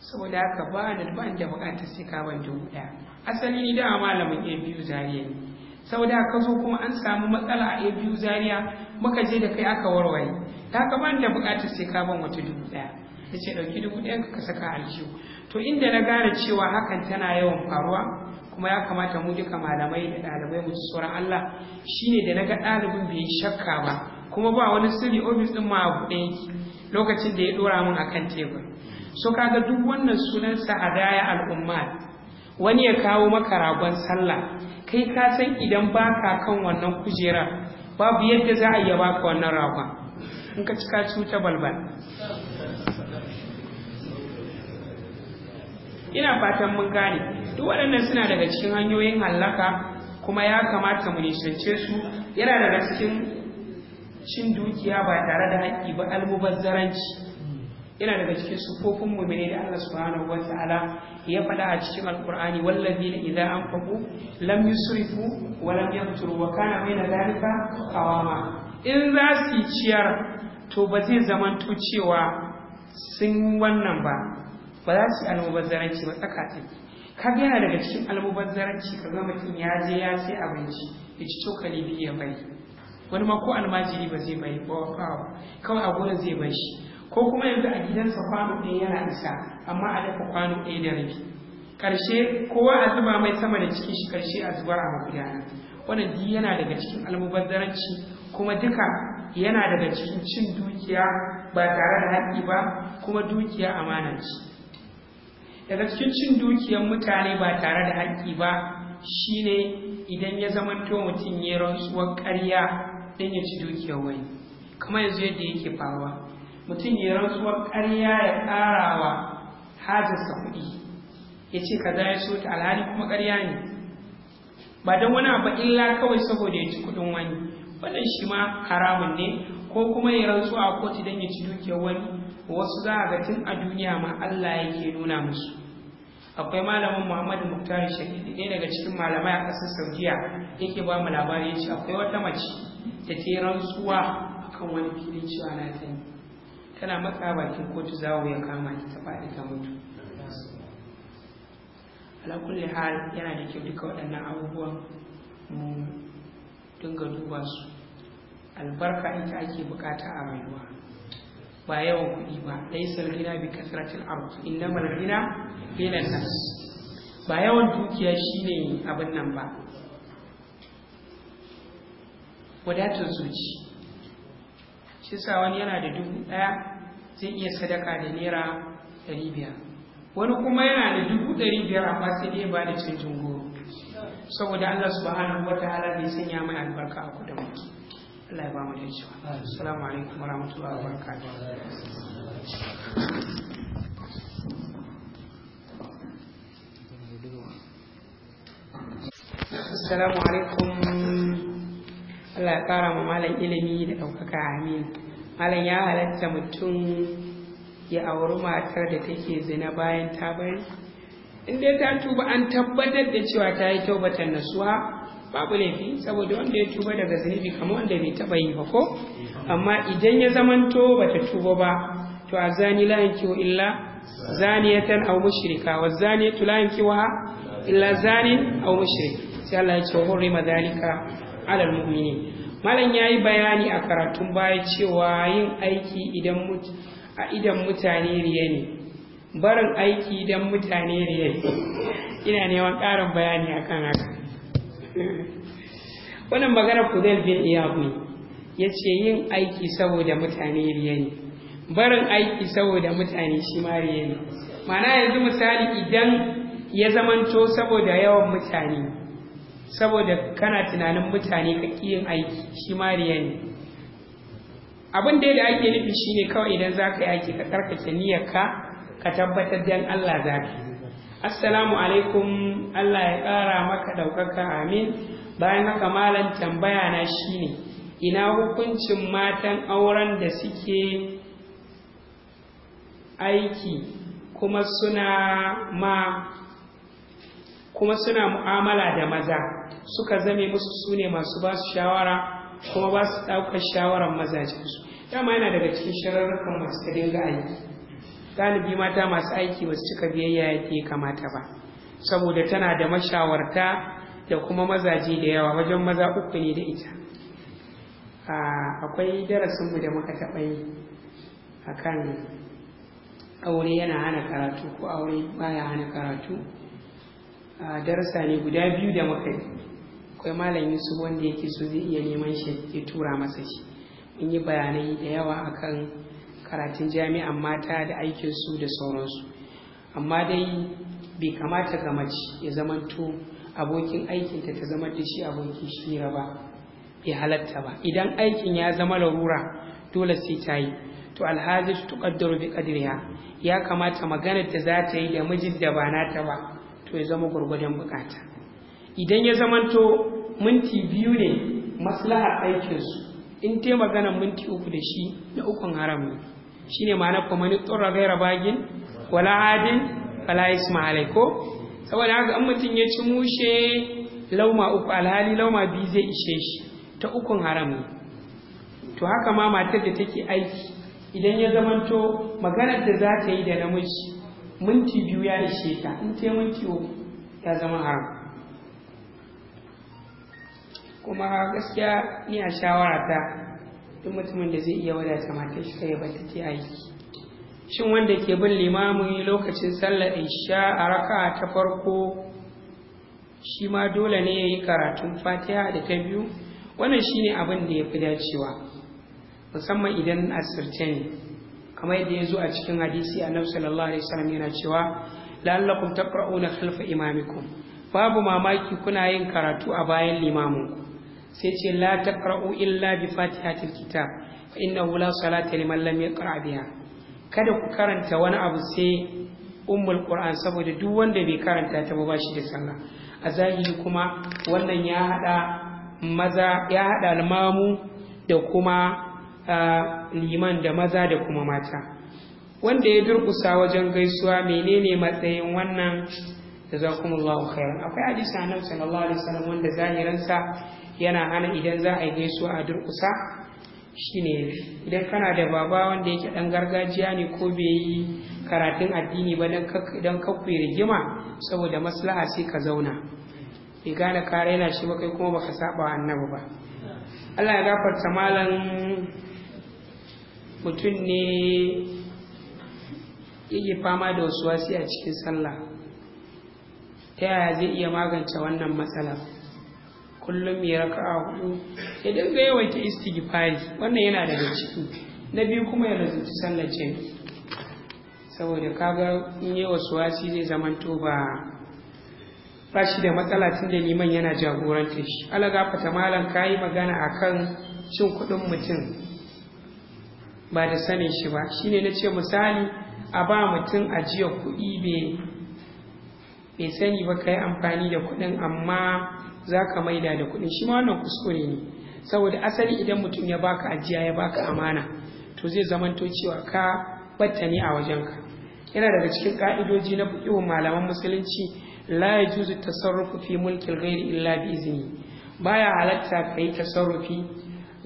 S1: saboda haka ba da ban da bukatar sai ka ban dubu ɗaya asali ni dama malamin a biyu zariya ne Sau da, ka zo kuma an samu matsala a biyu zariya muka je da kai aka warware ta kama da bukatar sai ka ban wata dubu daya da ce ɗauki dubu ɗaya ka saka aljihu to inda na gane cewa hakan tana yawan faruwa kuma ya kamata mu duka malamai da ɗalibai mu tsoron Allah shine da na ga ɗalibin bai shakka ba kuma ba wani sirri ofis ɗin ma a buɗe lokacin da ya ɗora mun akan tebur so kaga duk wannan sunansa hadaya al'umma wani ya kawo maka ragon sallah kai ka san idan baka kan wannan kujerar babu yadda za a iya baka wannan ragon in ka cika cuta balbal ina fatan mun gane duk waɗannan suna daga cikin hanyoyin hallaka kuma ya kamata mu nishance su yana daga cikin cin dukiya ba tare da haƙƙi ba almubazzaranci yana daga cikin sufofin mu'mini da Allah subhanahu ta'ala ya faɗa a cikin alqur'ani wallazina idza anfaqu lam yusrifu wa lam yaqturu wa kana baina dhalika qawama in za su ciyar to ba zai to cewa sun wannan ba ba za su almubazzaranci ba tsakatin kaga yana daga cikin almubazzaranci ka ga mutum ya je ya sai abinci ya ci cokali biyu ya bai wani ma ko almajiri ba zai bai ba kawai a gurin zai bai shi ko kuma yanzu a gidansa kwano ɗaya yana isa amma a dafa kwano ɗaya da rabi Karshe, kowa a zuba mai sama da cikin shi ƙarshe a zubar a magudana wannan duk yana daga cikin almubazzaranci kuma duka yana daga cikin cin dukiya ba tare da haƙƙi ba kuma dukiya amana ce daga cikin cin dukiyar mutane ba tare da haƙƙi ba shine idan ya zamanto mutum ya rantsuwar ƙarya don ya ci dukiyar wani kamar yanzu yadda yake faruwa mutum ya rantsuwar ƙarya ya wa hajjarsa kuɗi ya ce kaza ya so ta alhali kuma karya ne ba don wani abu illa kawai saboda ya ci kuɗin wani wannan shi ma haramun ne ko kuma ya rantsu a kotu don ya ci dukiyar wani wasu za a ga tun a duniya ma Allah yake nuna musu akwai malamin Muhammadu Muktari shahid ɗaya daga cikin malamai a ƙasar Saudiya yake ba mu labari ya ce akwai wata mace da ta yi rantsuwa akan wani filin cewa na ta tana matsa bakin kotu zawo ya kama ta faɗi ta mutu alakulli hal yana da kyau duka waɗannan abubuwan mu dinga duba su albarka ita ake bukata a rayuwa ba yawan kuɗi ba laisar gina bi kasratil arzu innamal gina gina nas ba yawan dukiya shine abin nan ba wadatar zuci shi sa wani yana da dubu ɗaya zai iya sadaka da naira ɗari biyar wani kuma yana da dubu ɗari biyar amma sai dai ba da canjin goro saboda Allah subhanahu wa ta'ala bai sanya mai albarka a kudin maki Allah ya ba mu da cewa assalamu alaikum wa rahmatullahi wa barakatuh Assalamu alaikum. Allah ya ƙara ma malam ilimi da ɗaukaka amin. malam ya halatta mutum ya auri matar da take zina bayan ta bari in dai ta tuba an tabbatar da cewa ta yi taubatan nasuwa babu laifi saboda wanda ya tuba daga zunubi kamar wanda bai taba yi ba ko amma idan ya zamanto bata tuba ba to a zani la yankiwa illa zaniyatan aw mushrika wa zaniyatu la yankiwa illa zanin aw mushrik sai Allah ya ce hurrima dhalika ala almu'minin malam ya yi bayani a karatun baya cewa yin aiki idan a idan mutane riye ne barin aiki idan mutane riye ne ina neman ƙarin bayani akan haka wannan maganar kudel bin iyab ne ya ce yin aiki saboda mutane riye ne barin aiki saboda mutane shi ma riye ne ma'ana yanzu misali idan ya zamanto saboda yawan mutane saboda kana tunanin mutane ka yin aiki shi ma riya ne abin da da ake nufi shine kawai idan za ka yi aiki ka karkace niyyarka ka ka tabbatar dan Allah za ka yi assalamu alaikum Allah ya ƙara maka ɗaukaka amin bayan haka malam tambaya na shine ina hukuncin matan auren da suke aiki kuma suna ma kuma suna mu'amala da maza suka zame musu sune ne masu ba su shawara kuma ba su ɗaukar shawarar su dama yana daga cikin shararrukan masu ta dinga aiki galibi mata masu aiki ba su cika biyayya yake ya kamata ba saboda tana da mashawarta da kuma mazaje da yawa wajen maza uku ne da ita akwai mu da muka taɓa yi akan aure yana hana karatu ko aure baya hana karatu darasa ne guda biyu da muka yi akwai malam yusuf wanda yake so zai iya neman shi ya tura masa shi mun yi bayanai da yawa akan karatun jami'an mata da aikin su da sauransu amma dai bai kamata ga mace ya zamanto abokin aikinta ta zama da shi abokin shira ba bai halatta ba idan aikin ya zama larura dole sai ta yi to alhaji tuqaddaru bi ya kamata maganar da za ta yi da mijin da ba nata ba to ya zama gwargwadon bukata idan ya zamanto minti biyu ne maslahar aikinsu in te magana minti uku da shi na ukun haram ne shi ne ma'ana kuma ni tsoron gaira bagin wala adin wala ismailai ko saboda haka an mutum ya ci mushe lauma uku alhali lauma biyu zai ishe shi ta ukun haram ne to haka ma matar da take aiki idan ya zamanto maganar da za ta yi da namiji minti biyu ya ishe ta in ta minti uku ya zama haram kuma gaskiya ni a shawara ta duk mutumin da zai iya wadata mata shi kai bata ta aiki shin wanda ke bin yi lokacin sallar isha a raka ta farko shi ma dole ne ya yi karatun fatiha da ta biyu wannan shine abin da ya fi dacewa musamman idan asirce ne kamar yadda ya zo a cikin hadisi a annabi sallallahu alaihi wasallam yana cewa la'allakum taqra'una khalfa imamikum babu mamaki kuna yin karatu a bayan limamin ku sai ce la taqra'u illa bi fatihatil kitab fa innahu la salata liman lam yaqra biha kada ku karanta wani abu sai ummul qur'an saboda duk wanda bai karanta ta ba shi da sallah a zahiri kuma wannan ya hada maza ya hada almamu da kuma liman da maza da kuma mata wanda ya durkusa wajen gaisuwa menene matsayin wannan jazakumullahu khairan akwai hadisi annabi sallallahu alaihi wasallam wanda zahiransa yana hana idan za a yi gaisuwa a durkusa shine idan kana da baba wanda yake ɗan gargajiya ne ko bai yi karatun addini ba dan kakwai rigima saboda maslaha sai ka zauna bai gane kare yana shi ba kai kuma baka saba annabi ba Allah ya gafarta malam mutum ne yake fama da wasu wasi a cikin sallah ta yaya zai iya magance wannan matsala kullum ya raka a hudu ya dinga yawaita istighfari wannan yana daga ciki na biyu kuma ya razuci sallar ce saboda kaga in yi wasu wasi zai zamanto ba ba shi da matsala tun da neman yana jagorantar shi ala gafata malam ka yi magana akan cin kuɗin mutum ba da sanin shi ba shi ne na ce misali a ba mutum ajiyar kuɗi bai sani ba ka yi amfani da kuɗin amma za ka maida da kuɗin shi ma wannan kuskure ne saboda asali idan mutum ya baka ajiya ya baka amana to zai zamanto cewa ka batta ne a wajenka yana daga cikin ka'idoji na fiqhu malaman musulunci la juzu tasarrufu fi mulkin ghairi illa bi Ba baya halatta kai tasarrufi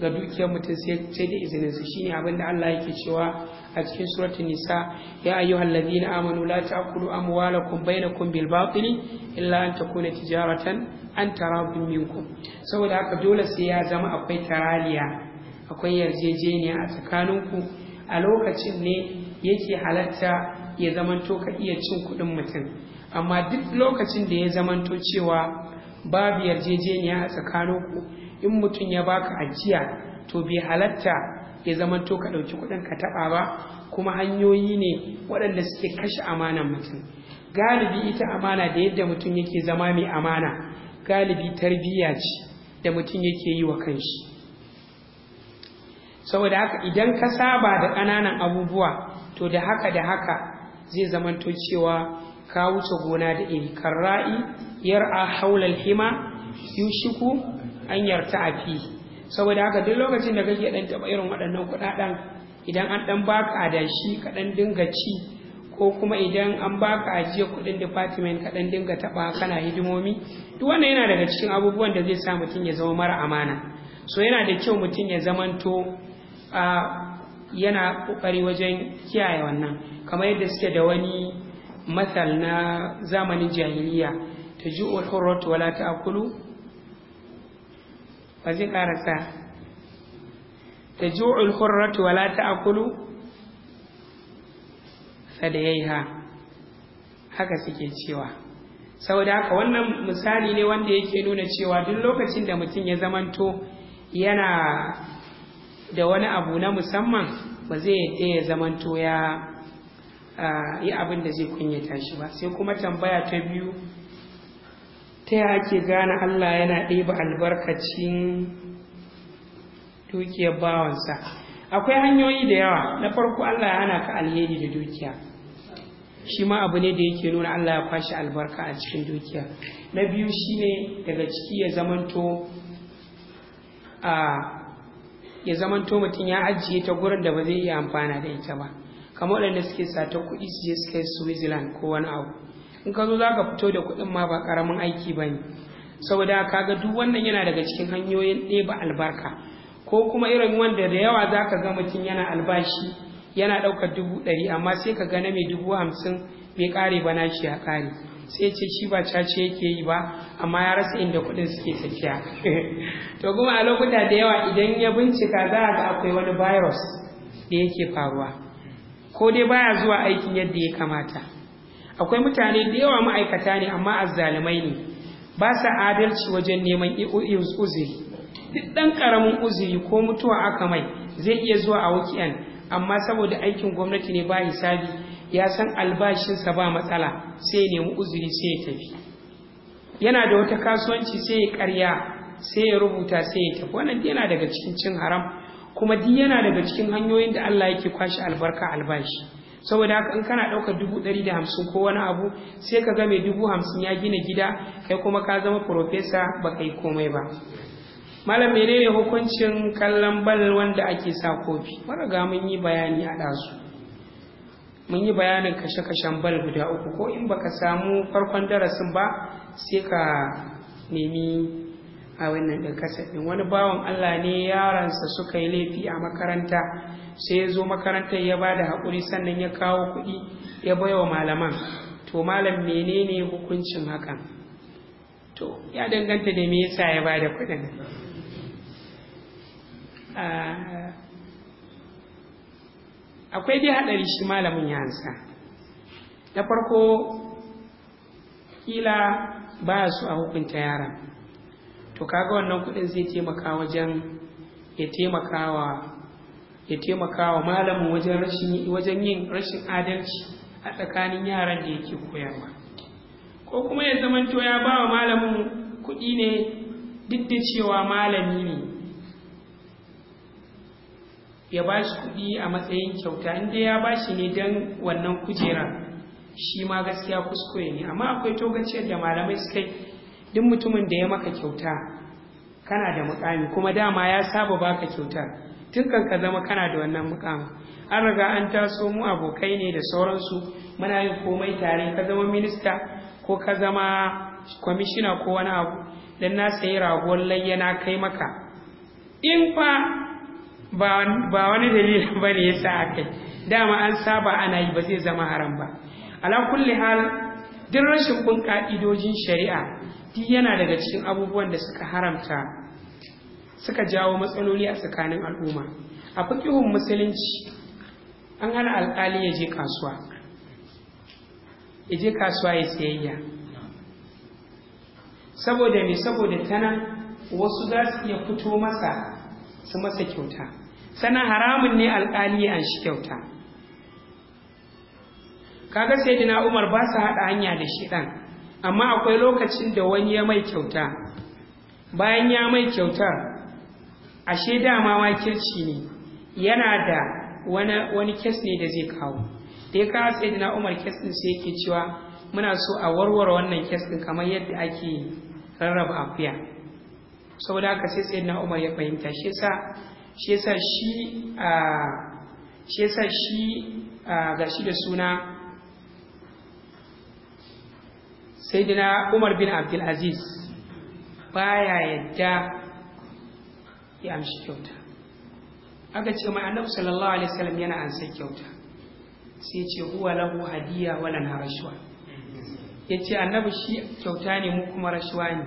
S1: ga dukiyar mutum sai da izinin su shine abin da Allah yake cewa a cikin surat nisa ya ayyuhal ladina amanu la ta'kulu amwalakum bainakum bil batili illa an takuna tijaratan an tarabun minkum saboda haka dole sai ya zama akwai taraliya akwai yarjejeniya a tsakaninku a lokacin ne yake halatta ya zamanto ka iya cin kuɗin mutum amma duk lokacin da ya zamanto cewa babu yarjejeniya a tsakaninku in mutum ya baka ajiya to bai halatta ya zama to ka ɗauki kuɗin ka taɓa ba kuma hanyoyi ne waɗanda suke kashe amanan mutum galibi ita amana da yadda mutum yake zama mai amana galibi tarbiyya ce da mutum yake yi wa kanshi saboda haka idan ka saba da ƙananan abubuwa to da haka da haka zai zamanto cewa ka wuce gona da iri karra'i a haulal hima yushiku hanyar fi saboda haka duk lokacin da kake dan taba irin waɗannan kuɗaɗen idan an dan baka da shi ka dan dinga ci ko kuma idan an baka ajiye kuɗin department ka dan dinga taba kana hidimomi duk wannan yana daga cikin abubuwan da zai sa mutum ya zama mara amana so yana da kyau mutum ya zamanto a yana kokari wajen kiyaye wannan kamar yadda suke da wani matsal na zamanin jahiliya ta ji hurratu wala ta'kulu ba zai ƙara ta ju'ul hurratu wala ta'kulu sadayha haka suke cewa saboda haka wannan misali ne wanda yake nuna cewa duk lokacin da mutum ya zamanto yana da wani abu na musamman ba zai yadda ya zamanto ya yi abin da zai kunyata shi ba sai kuma tambaya ta biyu ta yi ake gane Allah yana ɗeba albarkacin dukiyar bawansa akwai hanyoyi da yawa na farko Allah ya hana ka alheri da dukiya shi ma abu ne da yake nuna Allah ya kwashe albarka a cikin dukiya na biyu shi ne daga ciki ya zamanto a ya zamanto mutum ya ajiye ta gurin da ba zai iya amfana da ita ba kamar waɗanda suke sata kuɗi su je su kai switzerland ko wani abu in ka zo za ka fito da kuɗin ma ba ƙaramin aiki ba ne saboda ga duk wannan yana daga cikin hanyoyin ɗeba albarka ko kuma irin wanda da yawa za ka ga mutum yana albashi yana ɗaukar dubu ɗari amma sai ka gane mai dubu hamsin bai ƙare ba na shi ya ƙare sai ce shi ba cace yake yi ba amma ya rasa inda kuɗin suke tafiya <laughs> to kuma a lokuta da yawa idan ya bincika za a ga akwai wani virus da yake faruwa ko dai baya zuwa aikin yadda ya kamata akwai mutane da yawa ma'aikata ne amma azzalumai ne ba sa adalci wajen neman uzuri duk ɗan ƙaramin uzuri ko mutuwa aka mai zai iya zuwa a wakiyan amma saboda aikin gwamnati ne ba hisabi ya san albashinsa ba matsala sai ya nemi uzuri sai ya tafi yana da wata kasuwanci sai ya karya sai ya rubuta sai ya tafi wannan yana daga cikin cin haram kuma duk yana daga cikin hanyoyin da Allah yake kwashi albarka albashi saboda haka in kana ɗaukar dubu ɗari da hamsin ko wani abu sai ka ga mai dubu hamsin ya gina gida kai kuma ka zama profesa ba kai komai ba malam menene hukuncin kallon bal wanda ake sa kofi mara ga mun yi bayani a ɗazu mun yi bayanin kashe-kashen bal guda uku ko in baka samu farkon darasin ba sai ka nemi a wannan ɗin kasafin, wani bawan Allah ne yaransa suka yi laifi a makaranta sai ya zo makarantar ya ba da haƙuri sannan ya kawo kuɗi ya baiwa malaman to malam menene hukuncin hakan to ya danganta da me yasa ya ba da kuɗin ah, akwai dai haɗari shi malamin ya ansa na farko kila ba su a hukunta yaran to kaga wannan kuɗin zai taimaka wajen ya taimaka wa ya taimaka wa malamin wajen rashin wajen yin rashin adalci a tsakanin yaran da yake koyarwa ko kuma ya zamanto ya ba wa malamin kuɗi ne duk da cewa malami ne ya ba shi kuɗi a matsayin kyauta inda ya ba shi ne don wannan kujera shi ma gaskiya kuskure ne amma akwai togaciyar da malamai suka yi duk mutumin da ya maka kyauta kana da mukami kuma dama ya saba baka kyauta tun kan ka zama kana da wannan mukami an riga an taso mu abokai ne da sauransu muna yin komai tare ka zama minista ko ka zama kwamishina ko wani abu dan na sayi ragon layyana kai maka in fa ba wani dalilin <laughs> ba ne ya sa a kai dama an saba ana yi ba zai zama haram ba ala kulli hal duk rashin bin ka'idojin shari'a duk yana daga cikin abubuwan da suka haramta suka jawo matsaloli a tsakanin al'umma a fikihun musulunci an hana alkali ya je kasuwa ya je kasuwa ya sayayya saboda me saboda tana wasu za su iya fito masa su masa kyauta sannan haramun ne alkali ya shi kyauta kaga sai umar ba su haɗa hanya da shi ɗan amma akwai lokacin da wani ya mai kyauta bayan ya mai kyautar ashe dama kirci ne yana da wani kes ne da zai kawo da ya kawo sai na umar kes din sai yake cewa muna so a warware wannan kes din kamar yadda ake rarraba akuya saboda haka sai sai na umar ya fahimta shi shi yasa a shi ah, ah, da suna sayyidina umar bin abdul aziz baya yadda ya amshi kyauta aka ce mai annabi sallallahu alaihi wasallam yana an sai kyauta sai ce huwa lahu hadiya wala na rashwa yace annabi shi kyauta ne mu kuma rashwa ne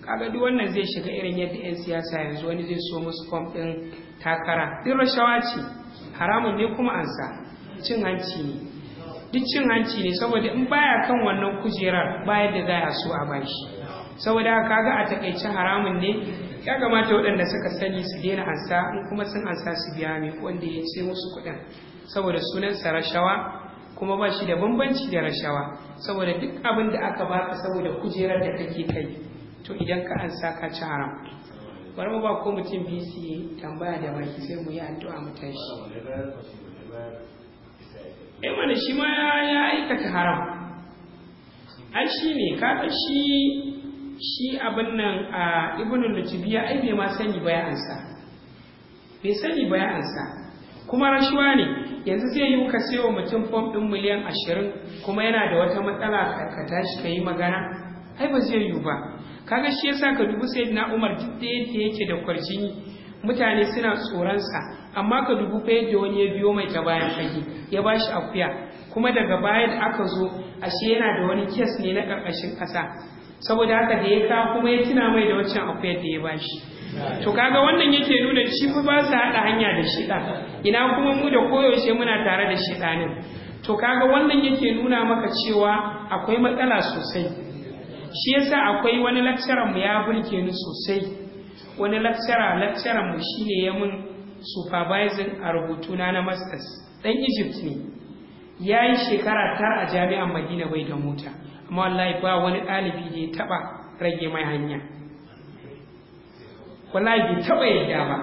S1: kaga duk wannan zai shiga irin yadda yan siyasa yanzu wani zai so musu fom din takara duk rashawa ce haramun ne kuma ansa cin hanci ne duk cin hanci ne saboda in baya kan wannan kujerar bayan da za a so a bashi saboda ga a takaice haramun ne ya kamata waɗanda suka sani su daina ansa in kuma sun ansa su biya mai wanda ya ce musu kuɗin saboda sunansa rashawa kuma ba shi da bambanci da rashawa saboda duk abin da aka baka saboda kujerar da kake kai to idan ka ansa ka ci haram bari mu ba ko mutum biyu tambaya da baki sai mu yi addu'a mu tashi eh mana shi ma ya aikata haram ai shi ne kaga shi shi abin nan a ibnu lutbiya ai bai ma sani ba bai sani ba kuma rashuwa ne yanzu zai yi ka sayo mutum fom ɗin miliyan ashirin kuma yana da wata matsala ka tashi ka yi magana ai ba zai yi ba kaga shi yasa ka dubi sai na umar duk da yake yake da kwarjini mutane suna tsoronsa amma ka dubu da da wani ya biyo mai ta bayan fage ya ba shi akuya kuma daga baya da aka zo ashe yana da wani kes ne na ƙarƙashin ƙasa saboda haka da ya ka kuma ya tuna mai da waccan akuyar da ya ba shi to kaga wannan yake nuna shi fa ba su haɗa hanya da shiɗa ina kuma mu da koyaushe muna tare da shiɗanin to kaga wannan yake nuna maka cewa akwai matsala sosai shi yasa akwai wani lakcaran mu ya burke ni sosai wani lakcara lakcaran mu shine ya mun supervising a rubutu na na masters ɗan egypt ne ya yi shekara tara a jami'an madina bai da mota amma wallahi ba wani ɗalibi da ya taɓa rage mai hanya wallahi bai taɓa yadda ba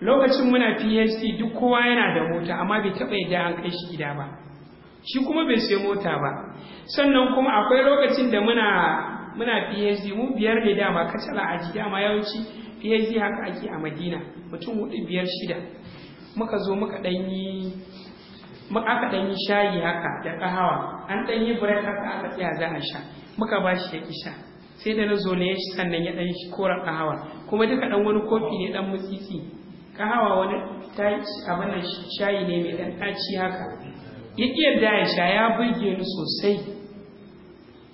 S1: lokacin muna phd duk kowa yana da mota amma bai taɓa yadda an kai shi gida ba shi kuma bai sai mota ba sannan kuma akwai lokacin da muna muna phd mu biyar ne dama kacala a jiki amma yawanci PhD haka ake a Madina mutum hudu biyar shida muka zo muka ɗanyi aka ɗanyi shayi haka da ƙahawa an ɗanyi break haka aka tsaya za a sha muka ba shi ya kisha. sai da na zo na yashi sannan ya ɗan shi koren ƙahawa kuma duka ɗan wani kofi ne ɗan mutsitsi ƙahawa wani abin nan shayi ne mai ɗan ɗaci haka ya yadda ya sha ya burge ni sosai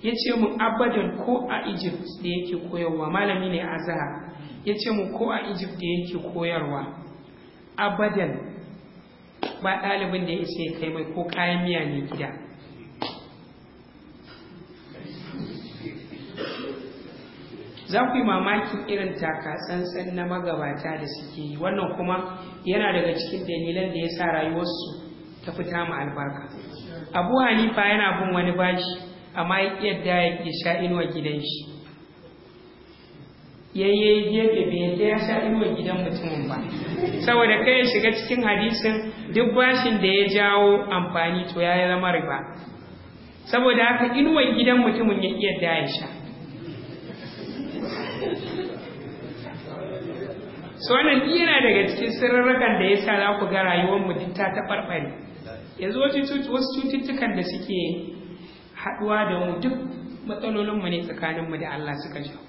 S1: ya ce mun abadan ko a egypt da yake koyarwa malami ne a zahar ya ce mu ko a egypt da yake koyarwa abadan ba ɗalibin da ya isa ya kai mai ko kayan miya ne gida za ku yi mamakin irin taka tsantsan na magabata da suke yi wannan kuma yana daga cikin dalilan da ya sa rayuwarsu ta fita mu albarka abu hanifa yana bin wani bashi amma ya yadda ya sha inuwa gidan shi ya gefe bai yadda ya sha inuwar gidan mutumin ba saboda kai ya shiga cikin hadisin duk bashin da ya jawo amfani to ya yi zama riba saboda haka inuwar gidan mutumin ya iya da ya sha so wannan yana daga cikin sirrarrakan da ya sa za ku ga rayuwar mutum ta taɓarɓare yanzu wasu cututtukan da suke haɗuwa da mu duk matsalolinmu ne tsakaninmu da Allah suka jawo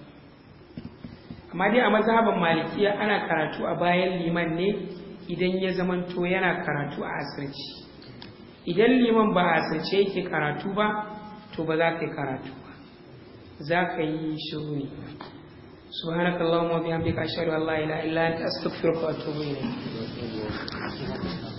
S1: amma dai a mazhaban malikiya ana karatu a bayan liman ne idan ya zamanto yana karatu a asirci idan liman ba a asirce yake karatu ba to ba za ka yi karatu ba za ka yi shiru ne subhanakallahumma bihamdika ashhadu an la ilaha illa anta astaghfiruka wa